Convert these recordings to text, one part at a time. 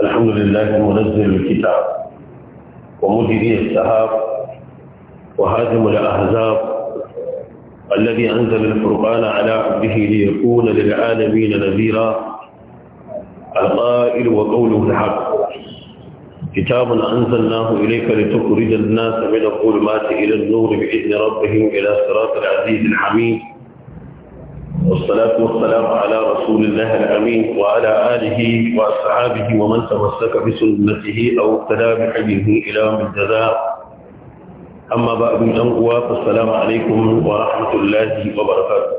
الحمد لله منزل الكتاب ومجري السحاب وهادم الأحزاب الذي أنزل الفرقان على عبده ليكون للعالمين نذيرا القائل وقوله الحق كتاب أنزلناه إليك لتخرج الناس من الظلمات إلى النور بإذن ربهم إلى صراط العزيز الحميد والصلاة والسلام على رسول الله الأمين وعلى آله وأصحابه ومن تمسك بسنته أو اقتدى بحديه إلى من جزاء أما بعد من السلام عليكم ورحمة الله وبركاته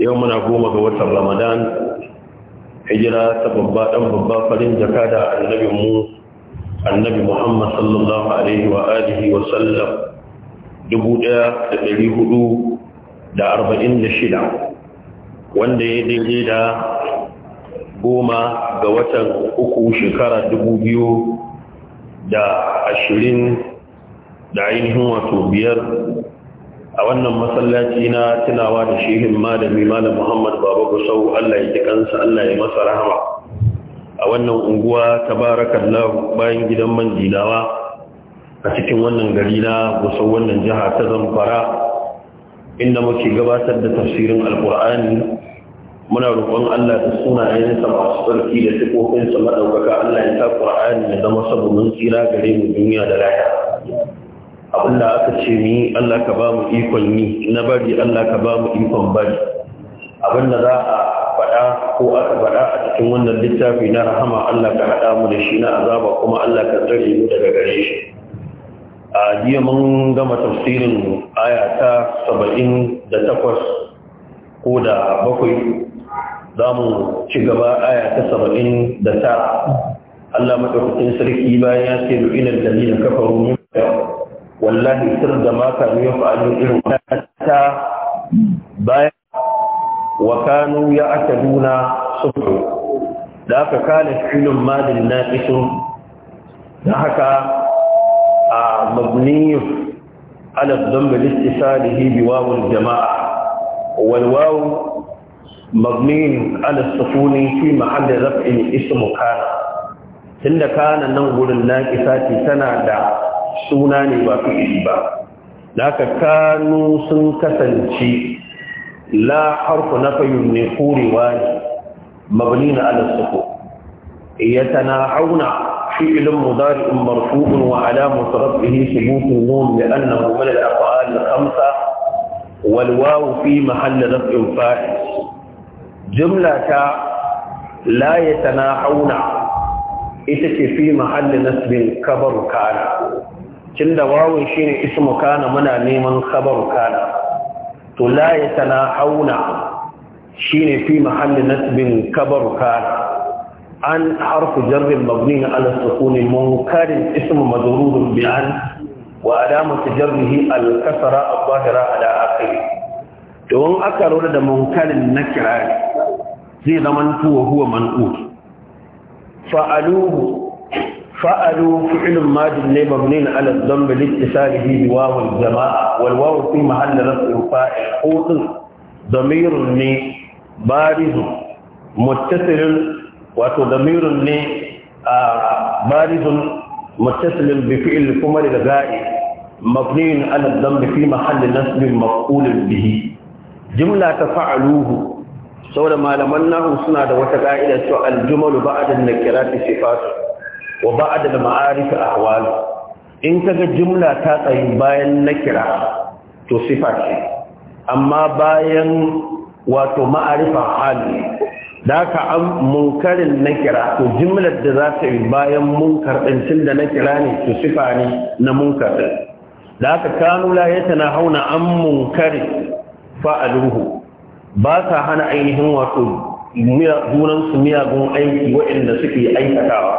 يوم نقوم بوسع رمضان هجرة تببا تببا فلن جكادا النبي موسى annabi muhammad sallallahu alaihi wa alihi wa sallam dubu ɗaya da arba'in da shida wanda ya daidai da goma ga watan uku shekara dubu biyu da ashirin da ainihin wato biyar a wannan masallaci na tunawa da shehin malami malam muhammad baba gusau allah ya ji kansa allah ya masa rahama a wannan unguwa ta tabarakallah bayan gidan man a cikin wannan gari na gusau wannan jiha ta zamfara inda muke gabatar da tafsirin alkur'ani muna roƙon Allah da sunayensa masu tsarki da tukofinsa maɗaukaka Allah ya sa Qur'ani ya zama sabon tsira gare mu duniya da lafiya abin da aka ce ni Allah ka ba mu ikon ni na bari Allah ka ba mu ikon bari abin da za a faɗa ko aka faɗa a cikin wannan littafi na rahama Allah ka haɗa mu da shi na azaba kuma Allah ka tsare mu daga gare shi a jiya mun gama tafsirin aya ta saba'in da takwas ko da bakwai za mu ci gaba aya ta saba'in da ta Allah maɗaukacin sarki bayan ya ce da ilar da nina kafaru wallahi sir da maka ne ya fa'alin irin ta bayan wa kanu ya aka duna sufu da aka kana filin madin na isu da haka a mabniyin على الضم لاتصاله بواو الجماعة والواو مضمين على السكون في محل رفع اسم كان تند كان ننقل الناقصات سنة دا سنان وفي إبا لك كانوا سنكسن شيء لا حرف نفي نقول واجب مبنين على السكون يتناحون فعل مضارع مرفوع وعلامة رفعه ثبوت النون لأنه من الأفعال الخمسة والواو في محل رفع فاعل جملة لا يتناحون إتك في محل نسب كبر كان كند واو شين اسم كان منا نيمن خبر كان تو لا يتناحون شين في محل نسب كبر كان عن حرف جر مبني على السكون منكر اسم مجرور بعن وعلامة جره الكسرة الظاهرة على آخره دون أكثر ولد منكر النكرة زي زمنته وهو منقول فعلوه فعلوا فعل ماضي ليه مبني على الضم لاتصاله بواو الجماعة والواو في محل رفع فاعل قوت ضمير بارز متصل wato da ne a barizun mutaslim bi fi'il kuma da ga'i mabniyin ala dambi fi mahallin nasbin maqulin bihi jimla ta fa'aluhu saboda malaman nahu suna da wata ga'ida su aljumalu ba'ad an nakirati sifatu wa ba'ad al ma'arif ahwal in kaga jumla ta tsayi bayan nakira to sifa ce amma bayan wato ma'arifa hali da haka an munkarin na kira to jimlar da za ta yi bayan munkar ɗin tun da na kira ne to sifa ne na munkar ɗin da haka kanu la ya tana hauna an munkari fa'aluhu ba sa hana ainihin wato su miyagun aiki waɗanda suke aikatawa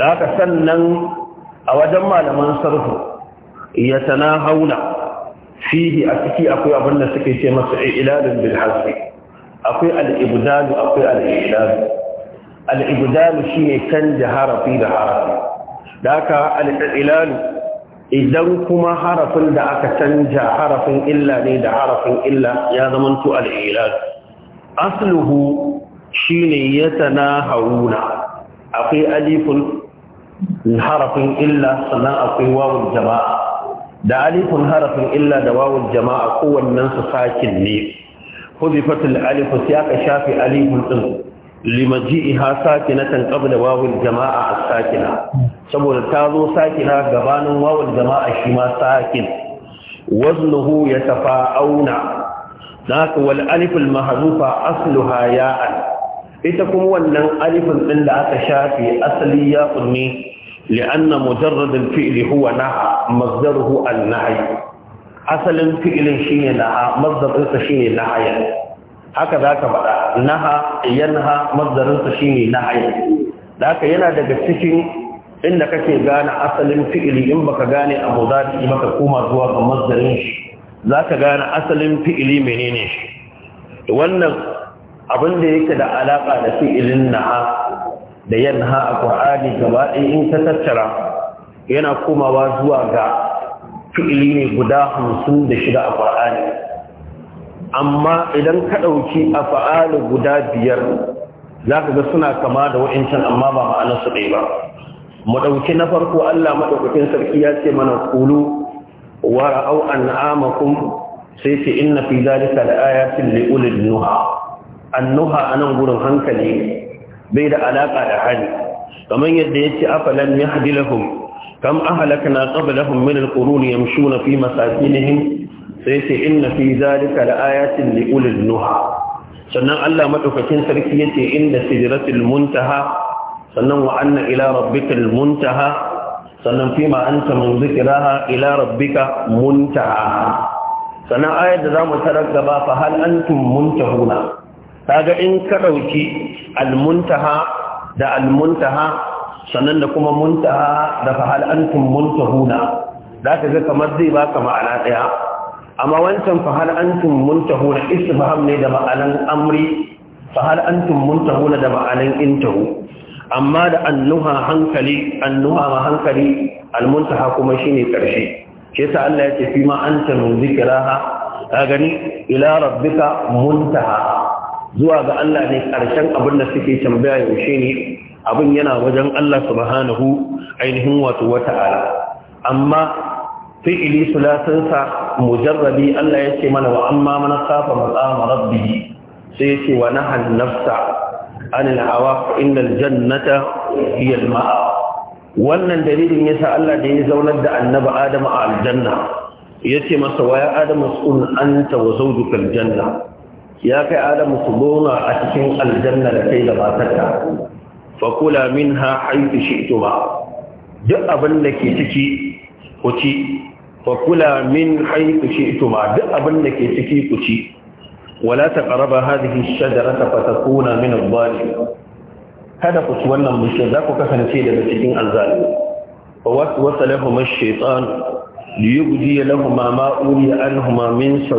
da haka sannan a wajen malaman sarfu ya tana hauna fihi a ciki akwai abinda suke ce masu ilalin bilhassi akwai al'ibdalu akwai al'ilalu al'ibdalu shi ne canja harafi da harafi da aka al'ilalu idan kuma harafin da aka canja harafin illa ne da harafin illa ya zamanto al'ilalu asluhu shi ne ya tana hauna. akwai alifin harafin illa sannan akwai wawul jama'a da alifin harafin illa da wawul jama'a kowannensu sakin ne حذفت الالف سياق شافي الف الان لمجيئها ساكنه قبل واو الجماعه الساكنه saboda ta zo sakina gabanin wawon jama'a shi ma sakin wazinuhu ya tafa auna na wal alifin mahazufa asluha ya'an ita kuma wannan alifin ɗin da aka shafi asali ya kunni li'anna mujarradin fi'li huwa na mazdaruhu an na'ayi asalin fi'ilin shine naha mazdarinsa shine nahaya haka za ka faɗa naha yanha mazdarinsa shine nahaya da haka yana daga cikin inda kake gane asalin fi'ili in baka gane abu za ta yi maka koma zuwa ga mazdarin shi ka gane asalin fi'ili menene shi wannan abin da yake da alaka da fi'ilin naha da yanha a Qur'ani gaba ɗaya in ka tattara yana komawa zuwa ga fi'ili ne guda hamsin da shida a ƙwar'ani amma idan ka ɗauki a fa'ali guda biyar za ka ga suna kama da wa'incan amma ba su ɗai ba mu ɗauki na farko allah maɗaukakin sarki ya ce mana kulu wa ra'au an'amakum sai ce inna fi zalika da ayatin li ulil nuha annuha anan gurin hankali bai da alaƙa da hali kamar yadda ya ce afalan yahdi lahum kam ahlakna qablahum min alqurun yamshuna fi masakinihim sai ce inna fi zalika laayatin li ulil nuha sannan Allah madaukakin sarki yace inda sidratil muntaha sannan wa anna ila rabbikal muntaha sannan fima anta min zikraha ila rabbika muntaha sannan ayar da zamu tarar gaba fa hal antum muntahuna kaga in ka dauki al muntaha da al muntaha sannan da kuma muntaha da Fahal'antun muntahuna za ka ga kamar zai baka ma'ana ɗaya amma wancan Fahal'antun Muntahuna muntahuna faham ne da ma'anan amri Fahal'antun muntahuna da ma'anan intahu amma da annuha hankali annuha ma hankali almuntaha kuma shine ƙarshe. Ke sa Allah ce fi ma anta muzikiraha ka gani ila rabbika muntaha zuwa ga Allah ne ƙarshen abin da suke tambaya yaushe ne abin yana wajen Allah subhanahu ainihin wato wata'ala amma fi'ili sulatinsa mujarrabi Allah ya ce mana wa amma mana safa matsama rabbi sai ya ce wa nahan nafsa anil hawa innal jannata hiyal alma'a. wannan dalilin yasa Allah da ya zaunar da annabi Adam a aljanna yace masa wa ya Adam sun anta wa zawjuka aljanna ya kai Adam su zauna a cikin aljanna da kai da matarka fakula min ha haifi shi ito ba duk abinda ke ciki ku ci fakula min haifi shi ito ba duk abinda ke ciki ku ci wala ta ƙaraba hadihi shajarata fatakuna min al kada ku ci wannan bishiyar za ku kasance daga cikin al-zalim فوسوس لهما الشيطان ليبدي لهما ما أولي عنهما من sa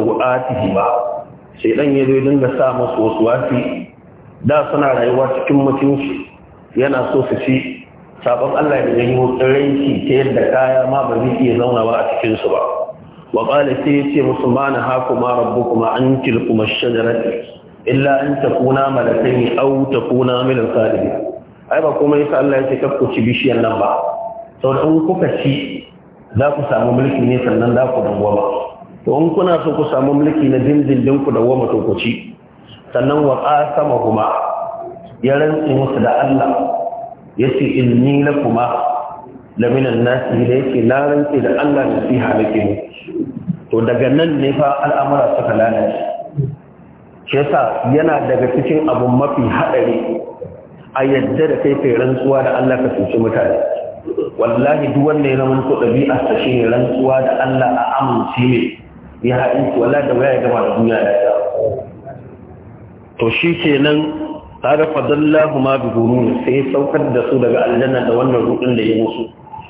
شيطان wasu wasi. Da suna rayuwa cikin mutum كمتين yana so su ci sabon Allah ya da yayi ranki ta yadda kaya ma ba zai iya zauna ba a cikin su ba wa qala sai yace musu ma na hakuma rabbukuma an tilkuma shajarati illa an takuna malakaini aw takuna min al-salihin ai ba komai, yasa Allah ya yace kakku ci bishiyar nan ba Sau in kuka ci za ku samu mulki ne sannan za ku dawwama to in kuna so ku samu mulki na dindindin ku dawwama to ku ci sannan wa qasama huma ya rantsi musu da Allah ya ce in ni na kuma laminan nasi da yake na rantsi da Allah da fi halake ne to daga nan ne fa al'amura suka lalace shi yasa yana daga cikin abu mafi haɗari a yadda da kai kai rantsuwa da Allah ka cuci mutane wallahi duk wanda ya zama ko ɗabi'a ta shi ne rantsuwa da Allah a amince ne ya haɗin wallahi da waya ya gama da duniya da ta to shi kenan kaga fadallahu ma bi gurur sai saukar da su daga aljanna da wannan rudin da ya musu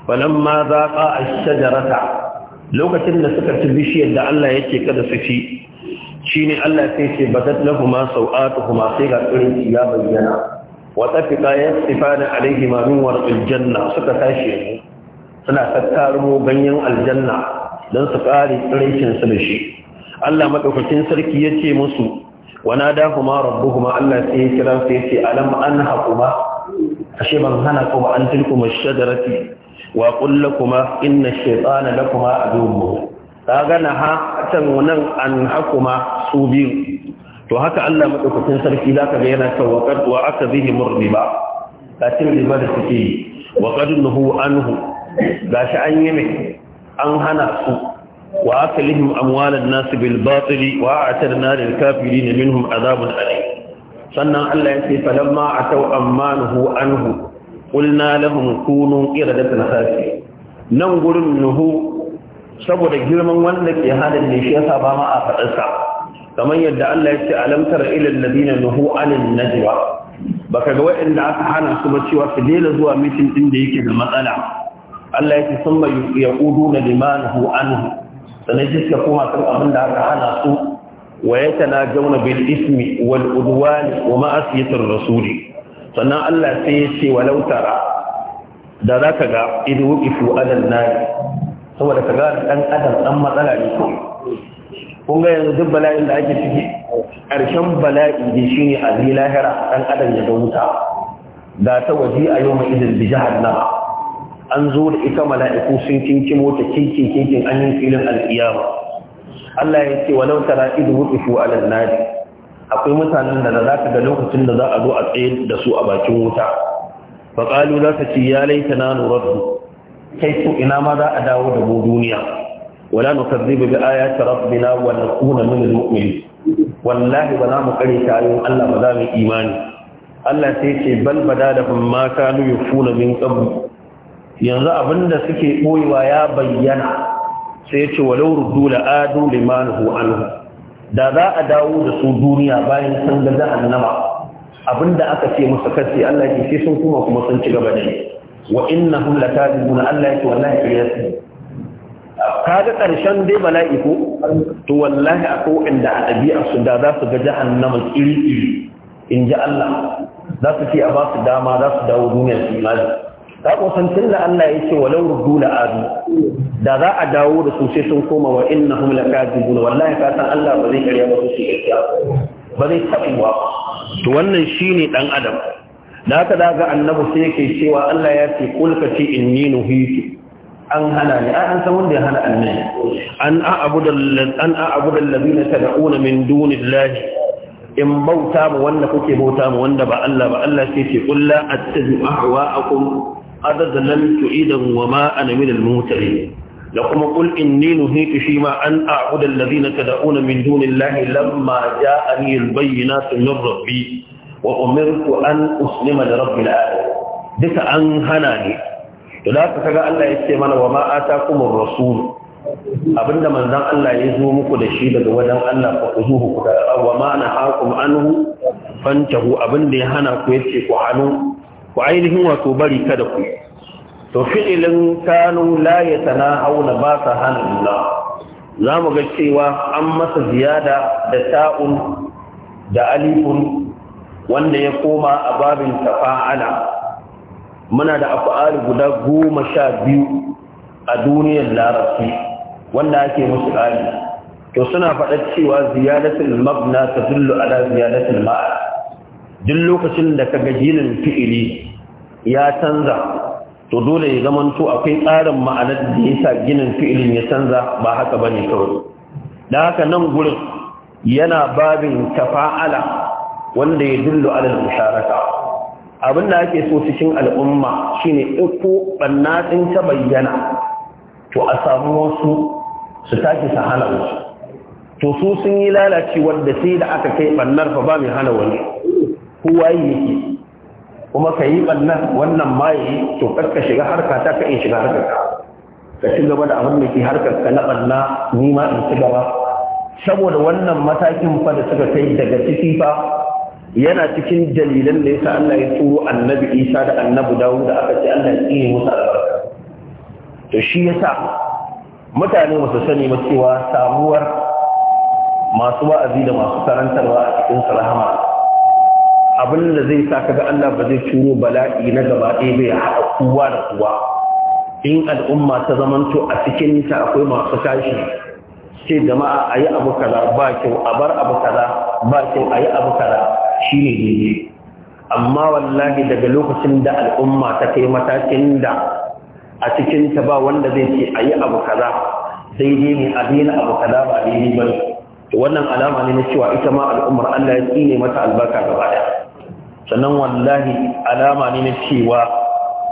falamma zaqa ash-shajarata lokacin da suka ci bishiyar da Allah yake kada su ci shine Allah sai ce badat lahumu sau'atuhuma sai ga irin ya bayyana wa tafiqa yasifana alaihima min warqil janna suka tashi suna tattaro ganyen aljanna dan su kare tsirincin su da shi Allah madaukakin sarki yace musu وناداهما ربهما الله سيكرا سيكي ألم أنهكما أشي hana هنكما أن تلكما الشجرة وأقول لكما da الشيطان لكما أدوم kaga na ha can wannan an hakuma su biyu to haka Allah madaukakin sarki ka ga yana cewa qad wa akabihi murriba ga cin riba da suke yi Waƙar nuhu anhu shi an yi mai an hana su وأكلهم أموال الناس بالباطل وأعترنا للكافرين منهم عذاب أليم سنة الله يسي فلما عتوا أما نهوا عنه قلنا لهم كونوا إرادة خاسرة ننقل منه سبب جرما وانك هذا الشيء بما أفعلسا كما يدعى الله يسي ألم تر إلى الذين نهوا عن النجوى baka ga waɗanda aka hana su ba cewa su daina zuwa mitin din da yake da matsala Allah ya ce sun mai yaqudu na liman hu anhu sannan suka koma kan abin da aka hana su wa yatanajawna bil ismi wal udwani wa ma'asiyatir rasuli sannan Allah sai ya ce walau tara da ka ga idu wuqifu alal nar saboda kaga dan adam dan matsala ne ko kun ga yanzu duk bala'in da ake ciki ƙarshen bala'i ne shine a lahira dan adam ya ga wuta da ta waje a yau mai idin bi nan. an zo da ita mala'iku sun kinkimo ta kinkin kinkin an yi filin alƙiyama Allah ya ce walau tara idu wuqifu ala an akwai mutanen da za ka ga lokacin da za a zo a tsaye da su a bakin wuta fa qalu la ta ya laitana nuraddu kai su ina ma za a dawo da mu duniya wala nukazzibu bi ayati rabbina wa nakuna min al-mu'minin wallahi ba za mu kare ta ayoyin Allah ba za mu imani Allah sai ce bal da ma kanu yufuna min qabl yanzu abinda suke boyewa ya bayyana sai ya ce walau rudu la'adu limanhu anhu da za a dawo da su duniya bayan sun ga jahannama abinda aka ce musu kace Allah ya ce sun kuma kuma sun ci gaba da ni wa innahum lakadibuna Allah yake wallahi wallahi kiyasi kaga karshen dai bala'i ko to wallahi akwai inda a ɗabi'ar su da za su ga jahannama iri iri in ji Allah za su ce a ba su dama za su dawo duniyar su imani sako san da Allah ya ce walau ruddu la adu da za a dawo da su sai sun koma wa innahum lakadibun wallahi ka san Allah ba zai kariya ba su shi ba zai ba. to wannan shine dan adam da haka daga annabi sai yake cewa Allah ya ce kul ka ce inni nuhitu an hana ni an san wanda ya hana annabi an a'budu an a'budu alladhina tad'una min dunillahi in bauta mu wanda kuke bauta mu wanda ba Allah ba Allah sai ce kullu attabi'u ahwa'akum adad lam tu'idahu wa ma ana min al-mumtarin da kuma qul inni nuhitu shi ma an a'budu alladhina tad'una min dunillahi lamma ja'ani al-bayyinatu min rabbi wa umirtu an uslima li rabbil alamin duka an hana ni to da ka kaga Allah ya ce mana wa ma atakumur rasul abinda manzan Allah ya zo muku da shi daga wajen Allah fa kuzuhu ku da wa ma na anhu fantahu abinda ya hana ku yace ku hanu ku ainihin wato bari kada ku to fi'ilin kanu la auna ba sa hana juna za mu ga cewa an masa ziyada da ta'un da alifun wanda ya koma a babin tafa'ala muna da af'ali guda goma sha biyu a duniyar larabci wanda ake musu ali to suna faɗa cewa ziyadatul mabna tadullu ala ziyadatul ma'ana duk lokacin da kaga jilin fi'ili ya canza to dole ya zamanto akwai tsarin ma'anar da ya sa ginin fi'ilin ya canza ba haka bane kawai da haka nan gurin yana babin tafa'ala wanda ya dillo alal musharaka abin da ake so cikin al'umma shine iko banna din ta bayyana to a samu wasu su tashi su hana wasu to su sun yi lalace wanda sai da aka kai ɓannar fa ba mai hana wani kowa yi yake kuma ka yi ɓannan wannan ma yi to ka shiga harka ta ka in shiga harka ka ci gaba da abin da ke harkar ka na ɓanna ni ma in ci gaba saboda wannan matakin fa da suka kai daga ciki fa yana cikin dalilan da yasa Allah ya turo annabi Isa da annabi Dawud da aka ce Allah ya tsine musu albarka to shi yasa mutane masu sani ba samuwar masu wa'azi da masu karantarwa a cikin salama abin da zai sa kaga Allah ba zai ciro bala'i na gaba ɗaya bai haɗa kowa da kowa in al'umma ta zamanto a cikin ta akwai masu tashi ce jama'a a yi abu kaza ba kyau a bar abu kaza ba kyau a yi abu kaza shi ne daidai amma wallahi daga lokacin da al'umma ta kai matakin da a cikin ta ba wanda zai ce a yi abu kaza daidai ne a daina abu kaza ba daidai ba wannan alama ne na cewa ita ma al'ummar Allah ya tsine mata albarka gaba daya sannan wallahi alama ne na cewa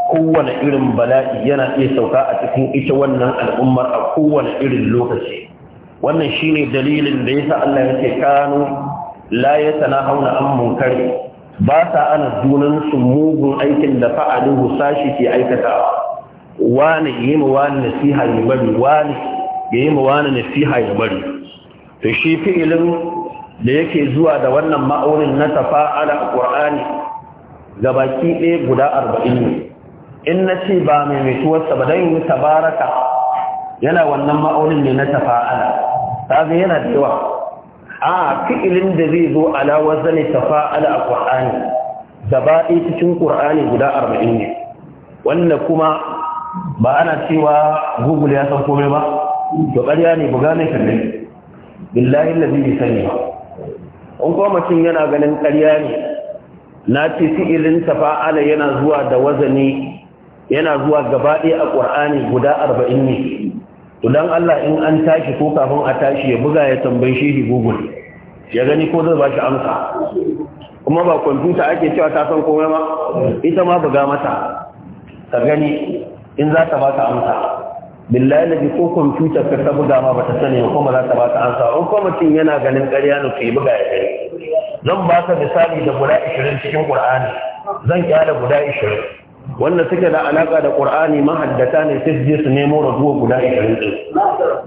kowane irin bala'i yana iya sauka a cikin ita wannan al'ummar a kowane irin lokaci wannan shine dalilin da yasa Allah ya ce kanu la yatanahawna an munkari ba sa ana junan su mugun aikin da fa'aluhu sashi ke aikatawa wani yi wani nasiha ya bari wani ya yi wani nasiha ya bari to shi fi'ilin da yake zuwa da wannan ma'aurin na tafa ala ƙur'ani ga baki ɗaya guda arba'in ne in na ce ba mai mutuwarsa ba don yi baraka. yana wannan ma'aurin ne na tafa ala. ta zai yana da yawa a fi'ilin da zai zo alawar zane tafa'ala a ƙur'ani gaba ɗaya cikin ƙur'ani guda arba'in ne wanda kuma ba ana cewa google ya san komai ba to ƙarya ne buga ne kalle billahi lazi bi sani ba in kuma mutum yana ganin ƙarya ne na ce fi'ilin tafa'ala yana zuwa da wazani yana zuwa gaba ɗaya a ƙur'ani guda arba'in ne to dan Allah in an tashi ko kafin a tashi ya buga ya tambayi shi google ya gani ko zai ba shi amsa kuma ba kwamfuta ake cewa ta san komai ma ita ma buga mata ta gani in za ta ba ta amsa billahi da ko kwamfutar ka ta buga ma bata sani kuma za ta ba baka ansa in kuma mutum yana ganin ƙarya ne kai buga ya kai. zan baka misali da guda 20 cikin Qur'ani zan kyale guda 20 wanda suke da alaƙa da Qur'ani mahaddata ne sai je su nemo rabuwa guda 20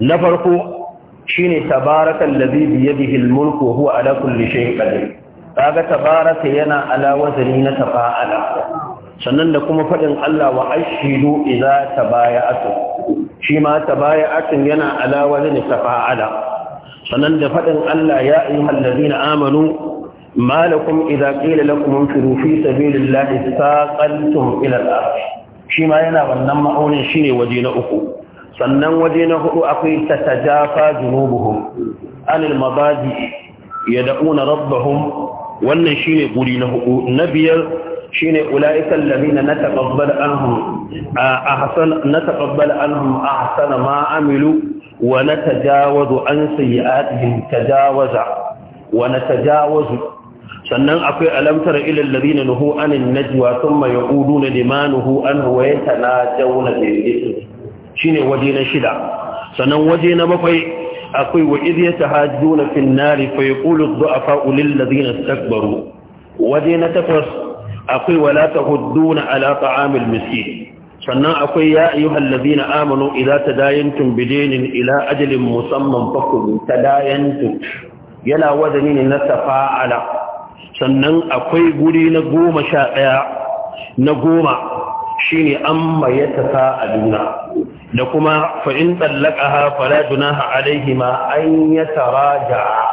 na farko shine tabarakal ladhi bi yadihi al-mulku wa huwa ala kulli shay'in qadir kaga tabaraka yana ala wazani na tafa'ala sannan da kuma fadin Allah wa ashidu idza tabaya'atu shi ma tabaya'atun yana ala wani tafa'ala Sannan da faɗin Allah ya ayyuhal na amanu ما لكم إذا قيل لكم انفروا في سبيل الله ثاقلتم إلى wannan ma'aunin shine waje na uku sannan waje na hudu akwai tatajafa junubuhum anil ya yad'una rabbahum wannan shine guri na hudu na biyar Shi shine ulaika allazina nataqabbalu anhum ahsan nataqabbalu anhum ahsana ma amilu wa na natajawazu an sayyi'atihim tajawaza wa natajawazu sannan akwai alamtar ilal ladina nuhu anin najwa thumma yaquluna limanuhu anhu wa yatanajawna bil shine waje na shida sannan waje na bakwai akwai wa idh yatahajjuna fil nari fa yaqulu ad-du'afa lil ladina istakbaru waje na takwas akwai wala ta tahudduna alaƙa amil miskin sannan akwai ya na ladina amanu ta tadayantum bidaynin ila ajalin musamman fakum tadayantum yana wazani ne na tafa'ala sannan akwai guri na goma sha ɗaya na goma shine amma a tafa'aluna da kuma fa in tsallaqaha fala junaha alaihima an yataraja'a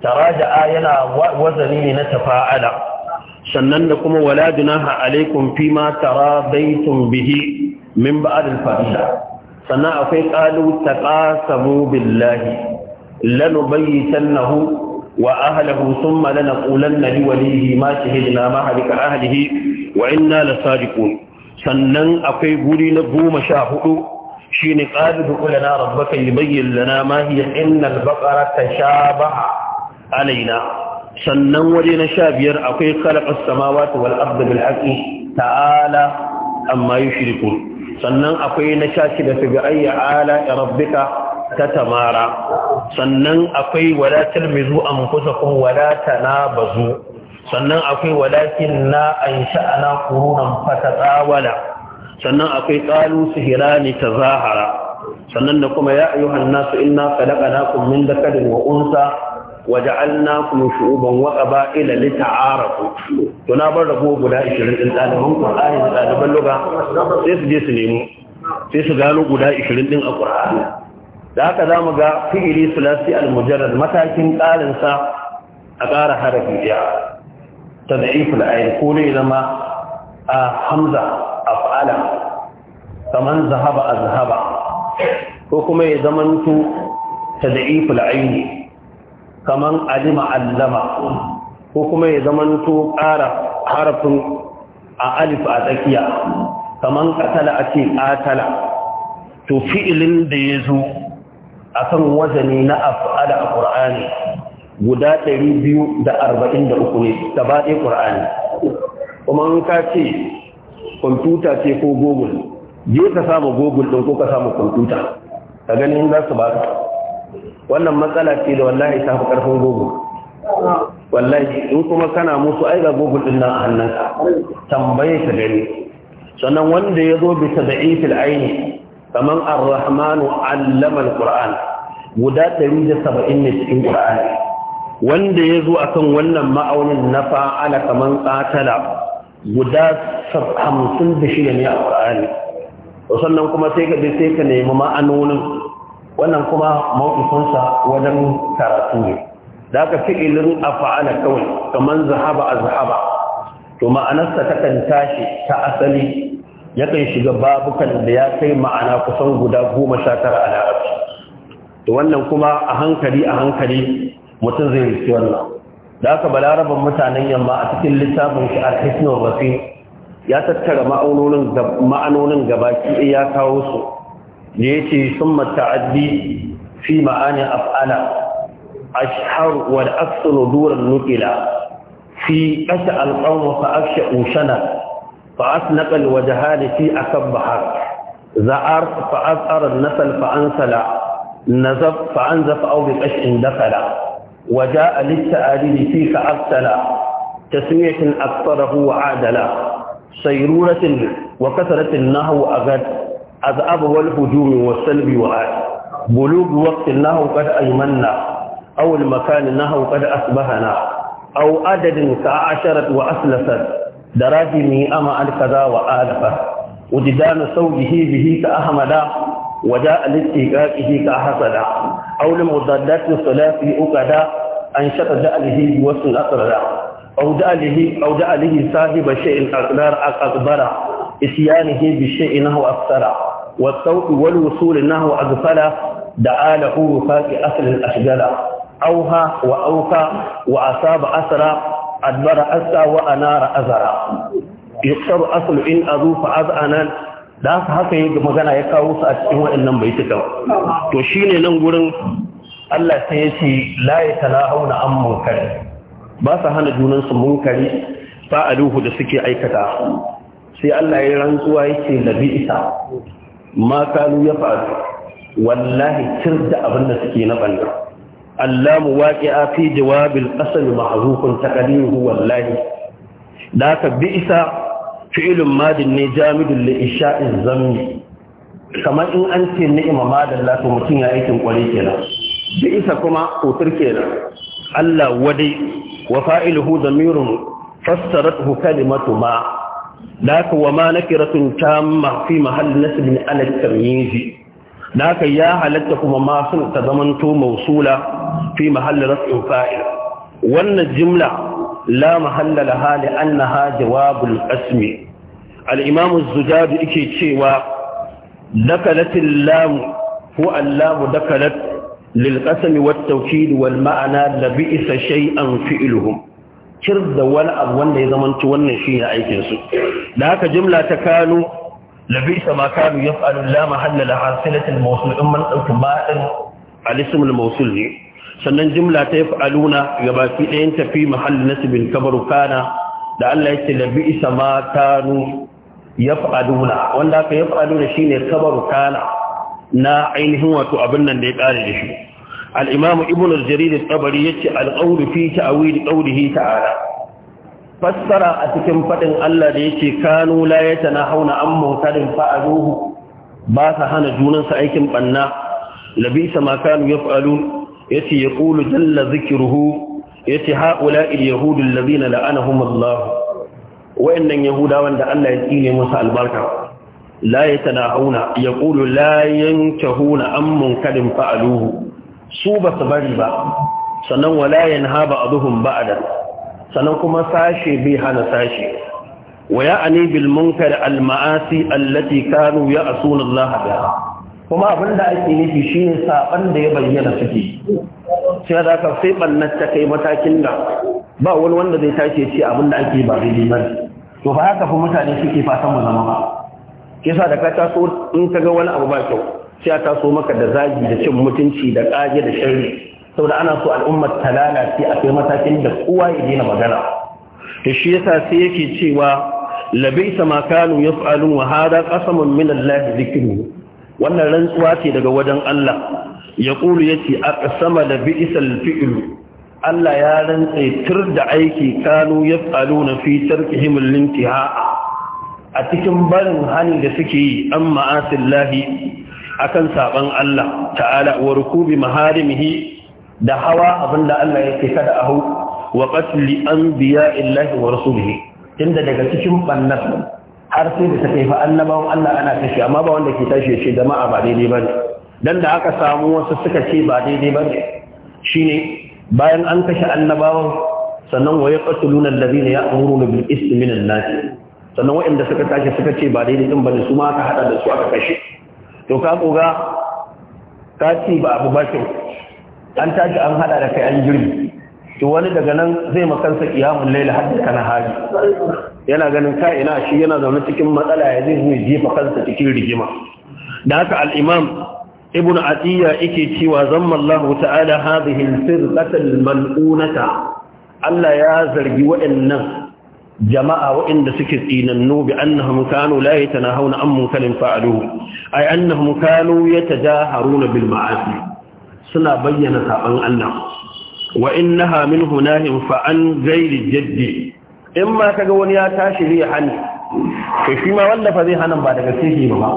taraja'a yana wazani ne na tafa'ala sannan da kuma wala junaha alaikum fi ma taradaitum bihi min ba'd al-fatiha sannan akwai qalu taqasamu billahi lanubayyitannahu wa ahlihi thumma lanaqulanna li walihi ma shahidna ma halika ahlihi wa inna lasadiqun sannan akwai guri na goma sha hudu shine qalu qulana rabbaka yubayyin lana ma hiya innal baqara tashabaha alaina sannan waje na sha biyar akwai kalakar samawati wal ardi bil haqqi ta'ala amma yushrikun sannan akwai na sha shida su ga ayya ala rabbika ta tamara sannan akwai wadatar mai wala talmizu wadata na bazu. sannan akwai walakin na ansha'ana fata fatatawala sannan akwai su qalu ta zahara. sannan da kuma ya ayyuhan nasu inna khalaqnakum min dhakarin wa unsa waja'alnakum shu'uban wa qaba'ila lita'arafu to na bar rabo guda 20 din ɗaliban Qur'ani da ɗaliban lugha sai su je su nemo sai su gano guda 20 din a Qur'ani da haka zamu ga fi'ili sulasi al-mujarrad matakin ƙarin sa a ƙara harafi ɗaya ta tad'iful ayn ko ne zama a hamza af'ala kamar zahaba a Zahaba, ko kuma ya ta tad'iful ayni kaman alima allama ko kuma ya zamanto ƙara harafin a alif a tsakiya kaman ƙatala a ce ƙatala to fi'ilin da ya zo a kan wazani na af'ala a ƙur'ani guda 243 ne gaba ɗaya ƙur'ani kuma an ka ce kwamfuta ce ko google je ka samu google ɗin ko ka samu kwamfuta ka ganin za su ba wannan matsala ce da wallahi ta fi ƙarfin google wallahi in kuma kana musu aika ga google ɗin nan a hannunka tambaye ta gani sannan wanda ya zo bisa da ifil aini kamar arrahmanu allama qur'an guda 170 ne cikin qur'ani wanda ya zo akan wannan ma'aunin na fa'ala kamar ƙatala guda 56 ne a qur'ani sannan kuma sai ka sai ka nemi ma'anonin wannan kuma mawukinsa wajen karatu ne da aka fi'ilin afa'ala kawai kamar zahaba a zahaba. to ma'anarsa takan tashi ta asali yakan shiga babukan da ya kai ma'ana kusan guda goma sha tara a larabci to wannan kuma a hankali a hankali mutum zai riski wannan da aka balaraban mutanen yamma a cikin littafin shi a hisnur rafi ya tattara ma'anonin ma'anonin gabaki ya kawo su da ya ce sun fi ma'ani af'ala ashhar wal aktsar duran nukila fi qata al qawm fa aksha ushana fa asnaqa al wajhali fi akbaha za'ar fa azar al nasl fa ansala nazaf fa anzaf aw bi qashin dakala وجاء للتآليل فيك أبتلا تسمية أكثره وعادلا سيرورة وكثرة النهو أغد أذأب والهجوم والسلب وآل بلوغ وقت الله قد أيمنا أو المكان الله قد أسبهنا أو عدد كعشرة وأسلفت دراجمي أما الكذا وآلفة وجدان سوجه به كأحمدا وجاء لاتقاقه كحسدا أو لمضادات الصلاة في أكدا أنشط جعله بوصل أقردا أو جعله أو جعله صاحب شيء أقدار أقدر إتيانه بشيء نهو أكثر والصوت والوصول نحو أغفل دعاله وفاق أصل الأشجار أوها وأوفى وأصاب أسرى أدبر أسى وأنار أزرى يكسر أصل إن أضوف أذعنا da haka haka yi magana ya kawo su a cikin waɗannan bai tuka to shine nan gurin Allah sai ya ce la ya hauna an munkari ba su hana da suke aikata sai Allah ya rantsuwa yake labi isa ma kanu ya faru wallahi cir da abin da suke na banda allamu waqi'a fi jawabil qasam ta taqdiruhu wallahi da ka isa fi'lun madin ne da li in zammi kamar in an ce ni'ima madalla to mutum ya aikin kware kenan isa kuma kotar kenan Allah wadai wa fa'iluhu damirun fassarathu kalimatu ma da aka wa ma na kira sun tamma fi mahallin nasibi na alaƙar yinzi da aka ya halatta kuma masu ta zamanto mausula fi mahallin rasin fa’il wannan jimla la mahallala hali an na ha jawabin asmi zujadu ike cewa dakalatin lamu ko allamu dakalat lil ƙasami wata tauki wal ma’ana da bi isa shai an fi ilhum kir da wani abu wanda ya zamanci wannan shi ne aikinsu da haka jimla ta kanu labisa ma kanu ya faru la mahalla la hasilatul mawsul in man dauki ma din alismul mawsul ne sannan jimla ta ya fa'aluna ga baki ɗayan tafi mahallin nasibin kabaru kana da Allah ya ce labisa ma kanu ya fa'aluna wanda aka ya fa'aluna shine kabaru kana na ainihin wato abin nan da ya ƙare da shi al’imamu ibn al-jaririn ɗabari ya ce alƙaurufi ta a wuri ɗaurihi ta ara fassara a cikin faɗin Allah da ya ce kanu layata na hauna an mautarin fa’aruhu ba sa hana junansa aikin banna. labisa ma kanu ya faru ya ce ya ƙulu jalla zikirhu ya ce haƙula il-yahudun labina la’anahun mazlahu wa’yannan yahuda wanda Allah ya tsine masa albarka layata na hauna ya ƙulu layan cahuna an mautarin fa’aruhu su ba su bari ba sannan wala abuhun ba'dhum ba'da sannan kuma sashe bai hana sashe ويعني alma'asi المعاصي التي كانوا a sunan بها kuma abin da ake nufi shine saban da ya bayyana suke sai da ka sai bannan ta kai matakin da ba wani wanda zai tashi ce abin da ake ba zai neman. to ba haka fa mutane suke fatan mu zama ba kisa da ka taso in ka ga wani abu ba kyau sai ta taso maka da zagi da cin mutunci da ƙage da shari saboda ana so al'ummar ta lalace a kai matakin da kowa ya daina magana to shi yasa sai yake cewa labaisa ma kanu yaf'alun wa hada qasamun min Allah zikru wannan rantsuwa ce daga wajen Allah ya kulu yace aqsama da al-fi'lu Allah ya rantse tur da aiki kanu yaf'aluna fi tarkihim al-intiha a cikin barin hani da suke yi an ma'asillahi akan saban Allah ta'ala wa rukubi maharimihi da hawa abinda Allah yake kada a hau wa qatli anbiya illahi wa rasulihi inda daga cikin bannan har sai da ta kai fa annabawan Allah ana tashi amma ba wanda ke tashi ya ce jama'a ba daidai bane dan da aka samu wasu suka ce ba daidai bane shine bayan an kashe annabawan sannan wa yaqtuluna alladhina ya'muruna bil ismi minan nas sannan waɗanda suka tashi suka ce ba daidai din bane su ma aka hada da su aka kashe to ka koga ka ci ba abu ba kyau an tashi an hada da kai an girbi to wani daga nan zai makansa kiyamun laila hadda kana haji yana ganin ka ina shi yana zaune cikin matsala ya zai zai jefa kansa cikin rigima da haka al-imam ibn atiya yake cewa zamma Allah ta'ala hadhihi al-firqata malunata Allah ya zargi waɗannan jama'a waɗanda suke tsinannu bi annahum kanu la yatanahawna an munkarin fa'aluhu ay annahum kanu yatajaharuna bil ma'asi suna bayyana saban Allah wa innaha min hunahum fa an ghairi jaddi in ma kaga wani ya tashi zai hani to shi ma wanda fa zai hanan ba daga sihi ba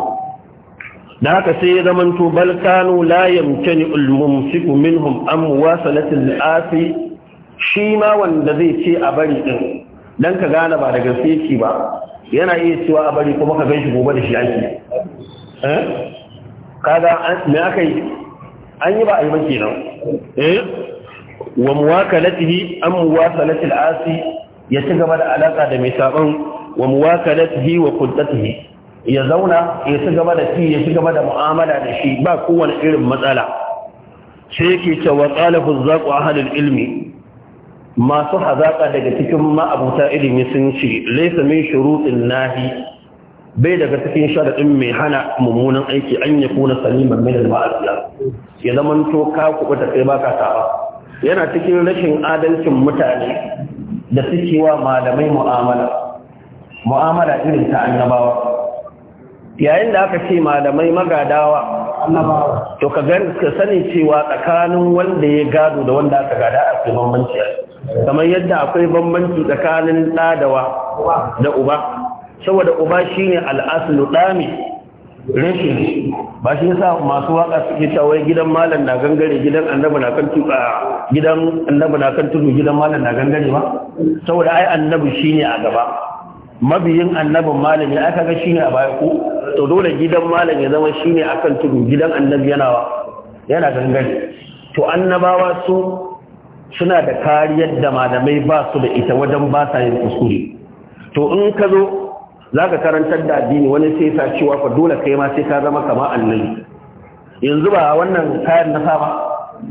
da haka sai ya zamanto bal kanu la yamkani al mumsiku minhum am wasalatil asi shi ma wanda zai ce a bari din dan ka gane ba da gaske shi ba yana iya cewa a bari kuma ka gan shi gobe da shi ake eh kaga me aka yi an yi ba a yi ba kenan eh wa muwakalatihi an muwasalati al-asi ya ci gaba da alaka da mai sabon wa muwakalatihi wa quddatihi ya zauna ya ci gaba da ci ya ci gaba da mu'amala da shi ba kowane irin matsala sai yake cewa qalahu zaqu ahli al-ilmi masu hazaƙa daga cikin ma'abuta ilimi sun ce laisa min shurutin nahi bai daga cikin sharaɗin mai hana mummunan aiki an ya kuna saliman min al-ma'asiya ya zama to ka kuɓa ta kai baka saba yana cikin rashin adalcin mutane da suke wa malamai mu'amala mu'amala irin ta annabawa yayin da aka ce malamai magadawa to ka sani cewa tsakanin wanda ya gado da wanda aka gada a bambanci kamar yadda akwai bambanci tsakanin ɗa da wa da uba saboda uba shine al'aslu ɗami rashin ba shi yasa masu waka suke cewa gidan malam na gangare gidan annabi na kan tuka gidan annabi na kan tudu gidan malam na gangare ba saboda ai annabi shine a gaba mabiyin annabin malami aka ga shine a baya ko to dole gidan malam ya zama shine akan tudu gidan annabi yana yana gangare to annabawa su suna da kariyar da malamai ba su da ita wajen ba sa yin kuskure to in ka zo za ka karantar da addini wani sai sa cewa fa dole kai ma sai ka zama kama annabi yanzu ba wannan kayan na saba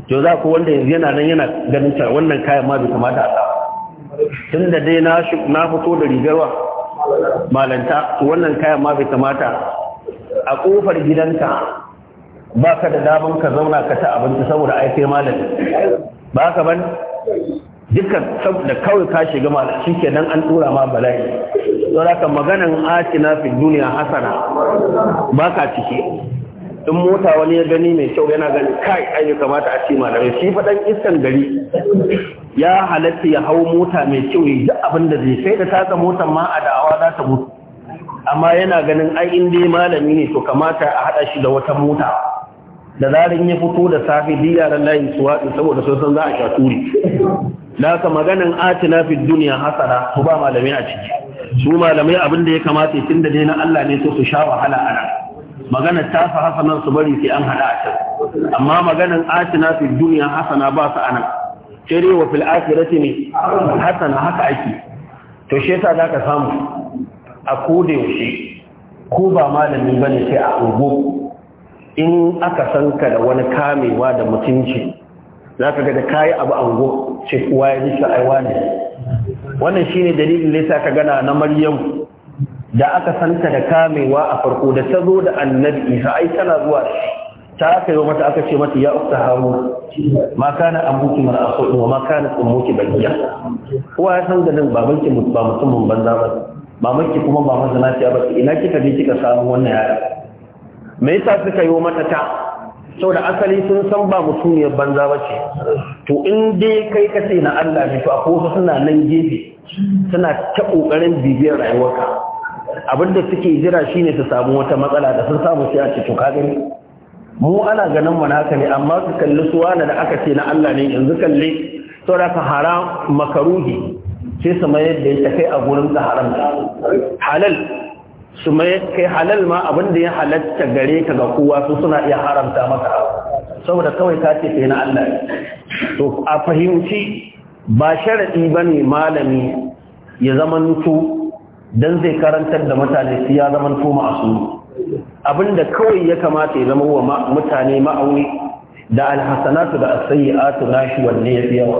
to za ku wanda yanzu yana nan yana ganin ta wannan kayan ma bai kamata a saba tun da dai na na fito da rigarwa malanta wannan kayan ma bai kamata a kofar gidanka ba ka da daban ka zauna ka ta abinci saboda ai sai malami ba haka bane dukkan da kawai ka shiga ma shike an tura ma bala'i don haka maganan atina fi duniya hasana ba ka ciki in mota wani ya gani mai kyau yana gani kai ai ya kamata a ce da shi faɗan iskan gari ya halatta ya hau mota mai kyau ya ji abin da zai sai da taka motar ma a da'awa za ta mutu amma yana ganin ai in dai malami ne to kamata a haɗa shi da wata mota da zarin ya fito da safi duk da layin su watsi saboda sun san za a sha turi da haka maganan atina fi duniya hasara su ba malamai a ciki su malamai abin da ya kamata tun da na Allah ne so su sha wahala ana magana ta fa hasanar su bari sai an hada a can amma maganan atina fi duniya hasana ba su anan sai wa fil akhirati ne hasana haka ake to shi yasa zaka samu a koda yaushe ko ba malamin bane sai a ungo in aka san ka da wani kamewa da mutunci za ka gada kayi abu an go ce kuwa ya nisa aiwa ne wannan shi ne dalilin da ka gana na maryam da aka san ka da kamewa a farko da ta zo da annabi isa ai tana zuwa ta aka yi mata aka ce mata ya ukta haru ma kana buki mara akwai wa ma kana tsummuki bakiya kowa ya san ganin babanki ba mutumin banza ba mulki kuma ba mazana ta ba ina kika je kika samu wannan yaya me yasa suka yi mata ta saboda asali sun san ba mutuniyar banza ba ce to in dai kai ka ce na Allah ne to akwai wasu suna nan gefe suna ta kokarin bibiyar rayuwarka da suke jira shine su samu wata matsala da sun samu sai a ce to ka gani mu ana ganin mu haka ne amma su kalli suwana da aka ce na Allah ne yanzu kalle saboda ka haram makaruhi sai su mayar da ya kai a gurin da haramta halal su mai kai halal ma abin da ya halatta gare ka ga kowa su suna iya haramta maka saboda kawai ka ce na Allah to a fahimci ba sharadi bane malami ya to dan zai karantar da mutane su ya zamanto ma'asu da kawai ya kamata ya zama wa mutane ma'auni da alhasanatu da asayi atu nashi wanne ya fi yawa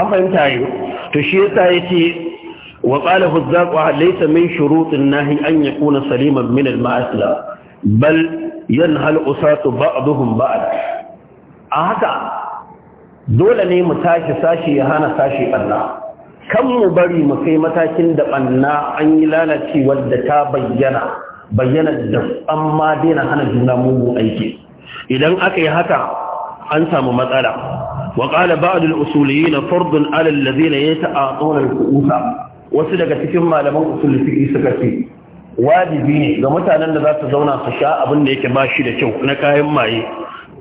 an fahimta yi to shi yasa yace وقال هزاق ليس من شروط النهي أن يكون سليما من المعسلة بل ينهل أساة بعضهم بعض أهدا دولة نيم تاشي ساشي يهانا ساشي أنا كم مبري مكيمة كند أنا أن يلالتي ودتا بينا بينا الدف أما دينا هنا جنامو أيكي إذن أكي هكا أنسى ممثالة وقال بعض الأصوليين فرض على الذين يتعاطون الكؤوسة wasu daga cikin malaman usul fiqh suka ce wajibi ne ga mutanen da za su zauna su sha abin da yake ba shi da kyau na kayan maye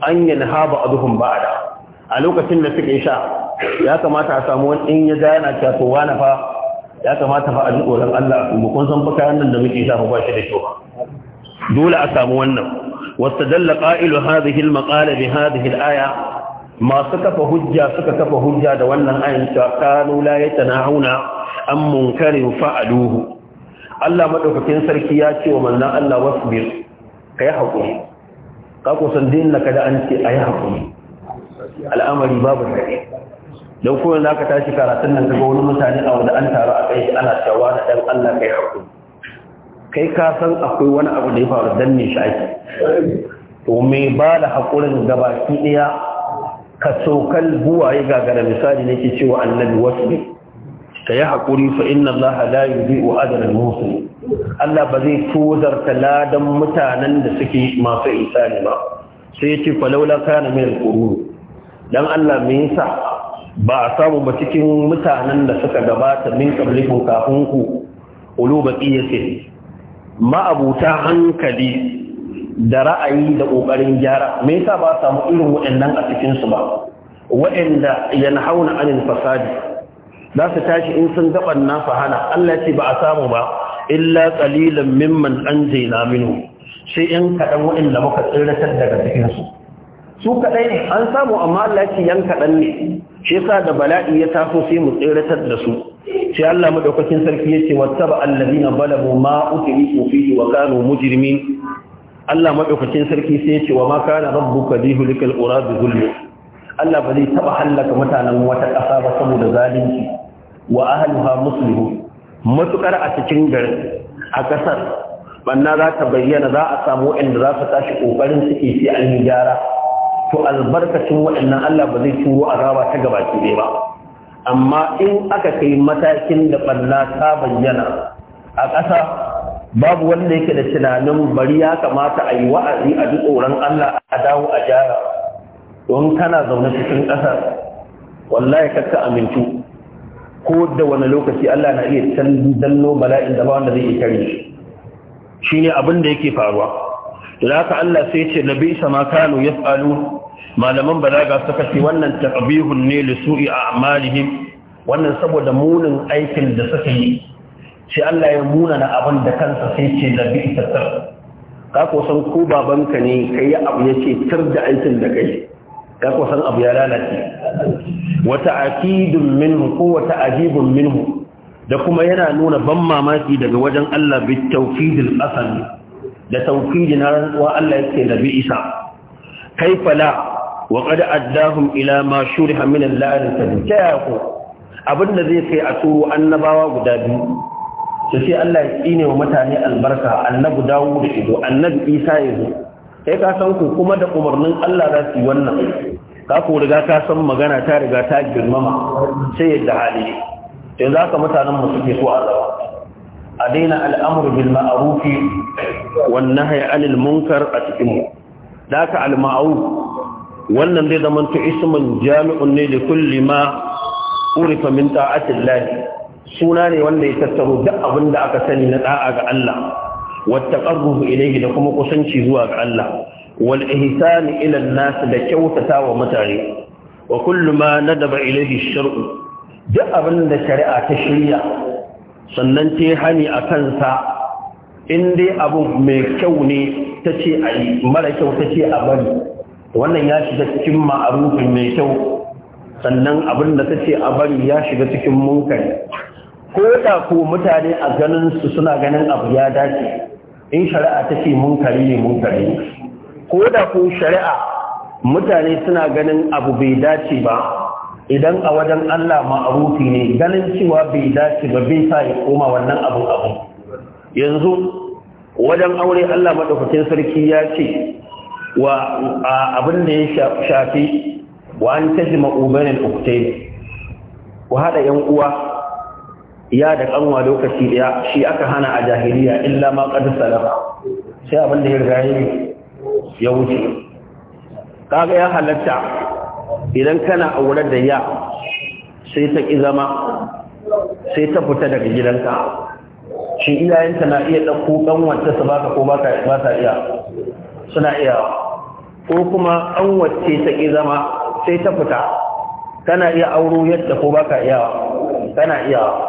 an yi a duhun ba'da a lokacin da suke sha ya kamata a samu wani in ya gana ta to wani fa ya kamata fa a ji tsoron Allah mu kun san fa nan da muke sha ba shi da kyau dole a samu wannan واستدل قائل هذه المقالة بهذه aya? masu kafa hujja suka kafa hujja da wannan ayin cewa kanu la hauna. an munkarin fa'aluhu Allah madaukakin sarki ya ce wa manzon Allah wasbir kai hakuri ka ku san din da kada an ce yi haƙuri? al'amari babu dare Don ko yanzu ka tashi karatun nan kaga wani mutane a wanda an taru a kai ana cewa da dan Allah ka yi haƙuri? kai ka san akwai wani abu da ya faru dan ne shi ake to me ba da hakurin gabaki daya ka saukal buwaye gagara misali ke cewa annabi wasu Ta yi haƙuri fa inna Allah la yudhi'u ajra al Allah ba zai tozarta ladan mutanen da suke masu isani ba sai yace fa laula kana min al dan Allah me yasa ba a samu ba cikin mutanen da suka gabata min qablikum kafin ku ulu baqiyatin ma'abuta hankali da ra'ayi da ƙoƙarin gyara me yasa ba samu irin waɗannan a cikin su ba waɗanda yanhauna anil fasadi za su tashi in sun gaban na fahana Allah ce ba a samu ba illa qalilan mimman anjayna minu. sai in kaɗan waɗanda muka tsiratar daga cikin su su kaɗai ne an samu amma Allah ce yan kaɗan ne shi yasa da bala'i ya taso sai mu tsiratar da su sai Allah madaukakin sarki yace wattaba allazina balamu ma utri fihi wa kanu mujrimin Allah maɗaukacin sarki sai ya ce wa ma kana rabbuka lihlikal qura bi zulmi Allah ba zai taba halaka mutanen wata ƙasa ba saboda zalunci wa ahliha muslimu matukar a cikin gari a ƙasar banna za ta bayyana za a samu waɗanda za su tashi ƙoƙarin suke sai an yi gyara to albarkacin waɗannan Allah ba zai turo azaba ta gaba ki ba amma in aka kai matakin da ɓanna ta bayyana a ƙasa babu wanda yake da tunanin bari ya kamata a yi wa'azi a duk tsoron Allah a dawo a jara don kana zaune cikin ƙasa wallahi kakka amintu ko da wani lokaci Allah na iya danno bala'in da ba wanda zai iya kare shi shine abin da yake faruwa Da haka Allah sai ya na nabi sama kanu yaf'alu malaman balaga suka ce wannan taqbihun ne li su'i a'malihim wannan saboda munin aikin da suka yi Shi Allah ya muna na abin da kansa sai ce labi ita tsar ka ko san ko babanka ne kai ya abu ya ce tar da aikin da kai ka ko san abu ya lalace wata akidun minhu ko wata ajibun minhu da kuma yana nuna ban mamaki daga wajen Allah bi tawfidil asali da tawfidi na rantsuwa Allah yake bi isa kaifa la wa qad addahum ila ma shuriha min al-la'an ta ya abinda zai kai a turo annabawa guda biyu su ce Allah ya tsine wa mutane albarka annabi dawo da ido annabi isa ya zo sai ka san ku kuma da umarnin Allah za su yi wannan ka ku riga ka san magana ta riga ta girmama sai yadda hali yanzu haka mutanen mu suke so a zama a daina al'amur bil ma'arufi wan nahyi anil munkar a cikin mu da ka al ma'ruf wannan zai zama to ismun jami'un ne da kulli ma urifa min ta'atillah suna ne wanda ya tattaro duk abin da aka sani na da'a ga Allah wata ƙarruhu ilaihi da kuma kusanci zuwa ga Allah wal ihsani ila nas da kyautata wa mutane wa kullu ma nadaba ilaihi shar'u duk abin da shari'a ta shirya sannan ta hani a kansa in dai abu mai kyau ne ta ce a yi mara kyau ta ce a bari wannan ya shiga cikin ma'arufin mai kyau sannan abin da ta ce a bari ya shiga cikin munkari ko da ko mutane a ganin su suna ganin abu ya dace in shari'a ta ce munkari ne munkari kare. ko da ko shari'a mutane suna ganin abu bai dace ba idan a wajen Allah ma'arufi ne ganin cewa bai dace ba bai sa ya koma wannan abu abu yanzu wajen aure Allah madaukakin sarki ya ce wa abin da ya shafi wa an tajma'u bainal uktayn wa hada yan uwa Ya da kanwa lokaci daya shi aka hana a jahiliya illa ma qad salafa sai abin da ya riga ya wuce kaga ya halatta idan kana aure da ya sai ta ki zama sai ta fita daga gidanka shi iyayenta na iya ɗauko ƙanwarta su baka ko baka ba ta iya suna iya ko kuma ƙanwarce ta ki zama sai ta fita kana iya auro yadda ko baka iya kana iya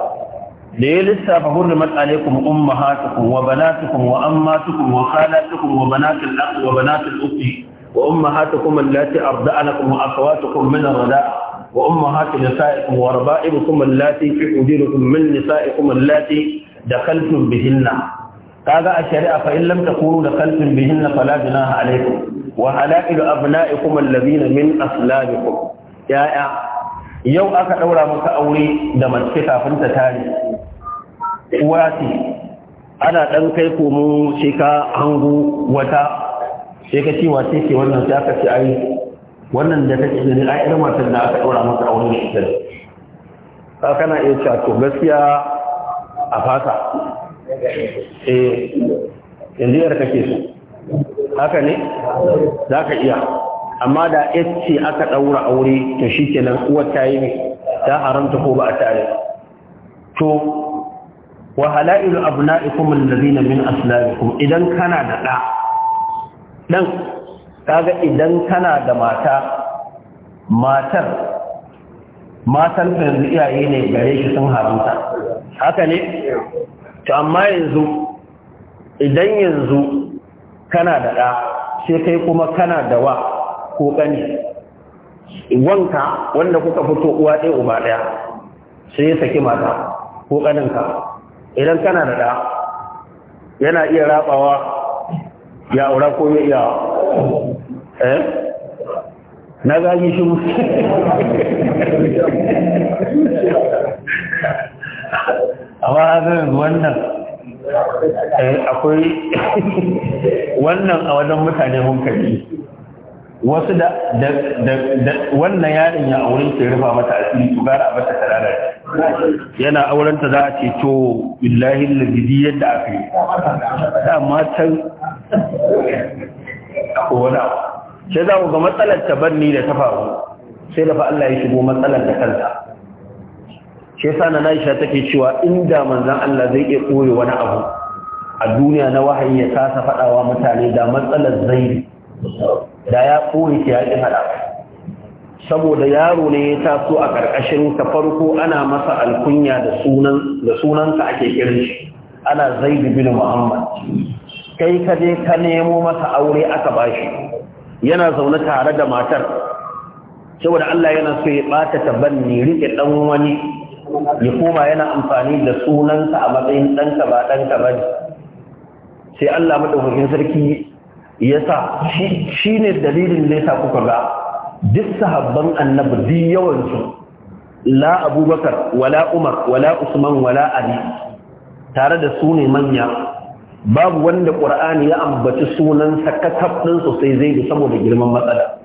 da ya lissafa hurrimat alaikum ummahatukum wa tukun, wa ammatukum wa khalatukum wa banatul akh wa banatul ukhti wa tukun, allati arda'anakum wa akhawatukum min ar-rida'a وأمهات نسائكم وربائبكم اللاتي في حجوركم من نسائكم اللاتي دخلتم بهن هذا الشريعة فإن لم تكونوا دخلتم بهن فلا جناح عليكم وحلائل أبنائكم الذين من أسلامكم يا yau aka ɗaura maka aure da mace kafin ta tare uwa ce ana ɗan kai komo sheka ka hango wata sai ka ce wace ce wannan sai aka ce ai wannan da kake ganin ai irin matan da aka ɗaura maka aure da ita ta kana iya cewa to gaskiya a fasa eh yanzu yar kake so haka ne za ka iya amma da ce aka ɗaura aure ta shi kenan uwar ta yi ta haramta ko ba a tare to wa hala'ilu abna'ikum allazina min aslabikum idan kana da ɗa ɗan kaga idan kana da mata matar matan yanzu iyaye ne gare shi sun haramta haka ne to amma yanzu idan yanzu kana da ɗa sai kai kuma kana da wa ko ƙani wanka wanda kuka fito uwa ɗaya uba ɗaya sai ya saki mata ko ƙaninka idan kana da ɗa yana iya rabawa ya aura ko ya iya eh na gani shi amma zan wannan eh, akwai wannan a wajen mutane hankali wasu da wannan yarin ya auren ke rufa mata asiri to gara a mata tarara yana auren ta za a ce to billahi lalidi yadda aka yi da matan ko wani sai za ku ga matsalar ta banni da ta faru sai da fa Allah ya shigo matsalar da kanta shi yasa na Aisha take cewa inda manzon Allah zai iya koyo wani abu a duniya na wahayi ya sasa faɗawa mutane da matsalar zairi da ya koyi ya haɗa saboda yaro ne ya taso a ƙarƙashin ta farko ana masa alkunya da sunanka ake kirin shi ana zaidu bin muhammad kai ka je ka nemo masa aure aka bashi yana zaune tare da matar saboda Allah yana so ya ɓata tabanni riƙe ɗan wani ya koma yana amfani da sunansa a matsayin ɗanka ba ɗanka ba sai Allah maɗaukakin sarki yasa shi ne dalilin da yasa kuka ga duk sahabban annabi di yawansu la abubakar wala umar wala usman wala ali tare da su ne manya babu wanda ƙur'ani ya ambaci sunan din ɗin sai zai da saboda girman matsala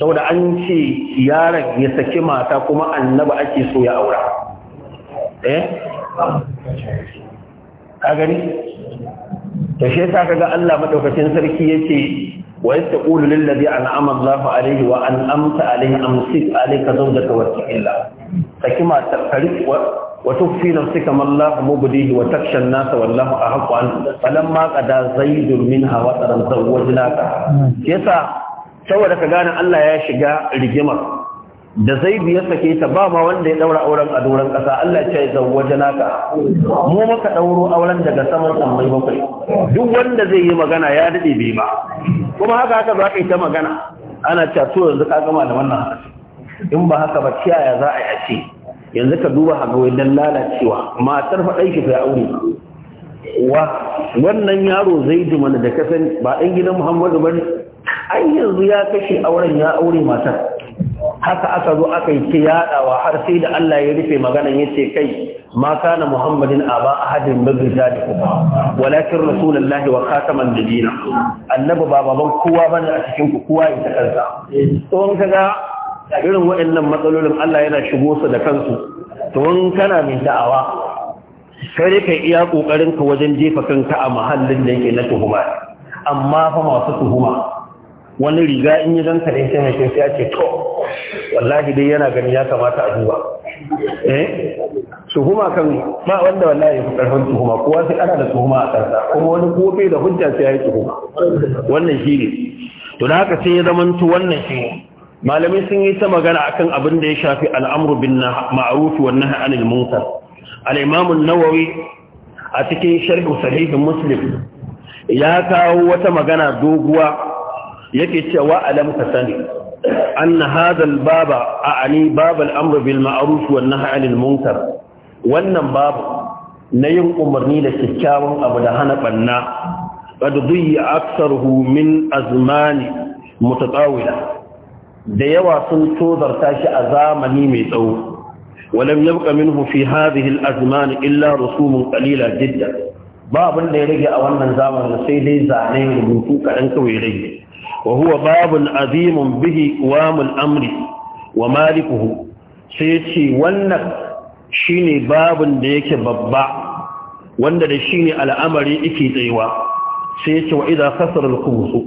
saboda an ce yaron ya saki mata kuma annabi ake so ya aura eh ka gani to shi yasa kaga Allah madaukakin sarki yace wa yastaqulu lil ladhi an'ama Allahu alayhi wa an'amta alayhi amsik alayka zawjaka wattaqillah sakima tarkari wa tufi nafsika ma Allahu mubdihi wa taksha an-nas wallahu ahqqu an falamma qada zaidun minha wa taran zawwajnaka yasa saboda ka gane Allah ya shiga rigimar da zaidu ya sake ta ba ma wanda ya daura auren a doron kasa Allah ya ce zawwaje naka mu muka dauro auren daga saman sammai bakwai duk wanda zai yi magana ya dade bai ba kuma haka haka za ka yi ta magana ana cewa to yanzu ka gama da wannan in ba haka ba kiyaya za a yi a ce yanzu ka duba haka dan lalacewa matar faɗai shi ta aure wa wannan yaro ji mana da kasan ba ɗan gidan muhammadu bane ai yanzu ya kashe auren ya aure matar haka aka zo aka yi ta yadawa har sai da Allah ya rufe maganan yace kai ma kana muhammadin aba ahadin min rijalikum walakin rasulullahi wa khataman nabiyina annabi ba baban kowa bane a cikin ku kowa ya kansa to in kaga irin waɗannan matsalolin Allah yana shigo su da kansu to in kana mai da'awa sai kai iya kokarin ka wajen jefa kanka a mahallin da yake na tuhuma amma fa masu tuhuma wani riga in yi zanka da yake mai sai ya ce to wallahi dai yana gani ya kamata a duba eh tuhuma kan ba wanda wallahi ya karfin tuhuma kowa sai ana da tuhuma a kansa kuma wani kofi da hujja sai ya yi tuhuma wannan shi ne to da haka sai ya zamanto wannan shi ne malamai sun yi ta magana akan abin da ya shafi al'amru bin Ma'arufi, wa nahy anil munkar al-imam an-nawawi a cikin sharh sahih muslim ya kawo wata magana doguwa yake cewa alam ka sani anna hadha baba a bab Babal amr bil ma'ruf wan nahy 'anil munkar wannan babu na yin umarni da kyakkyawan abu da hana banna qad duyi aktsaruhu min azmani mutatawila da yawa sun tozarta shi a zamani mai tsawo walam yabqa minhu fi hadhihi al-azman illa rusumun qalila jiddan ba abin da ya rage a wannan zamanin sai dai zane rubutu kaɗan kawai rage wa babu babun azimun bihi wamul amri wa malikuhu sai ce wannan shine babun da yake babba wanda da shine al'amari yake tsayewa sai ce wa idan kasar al-khubus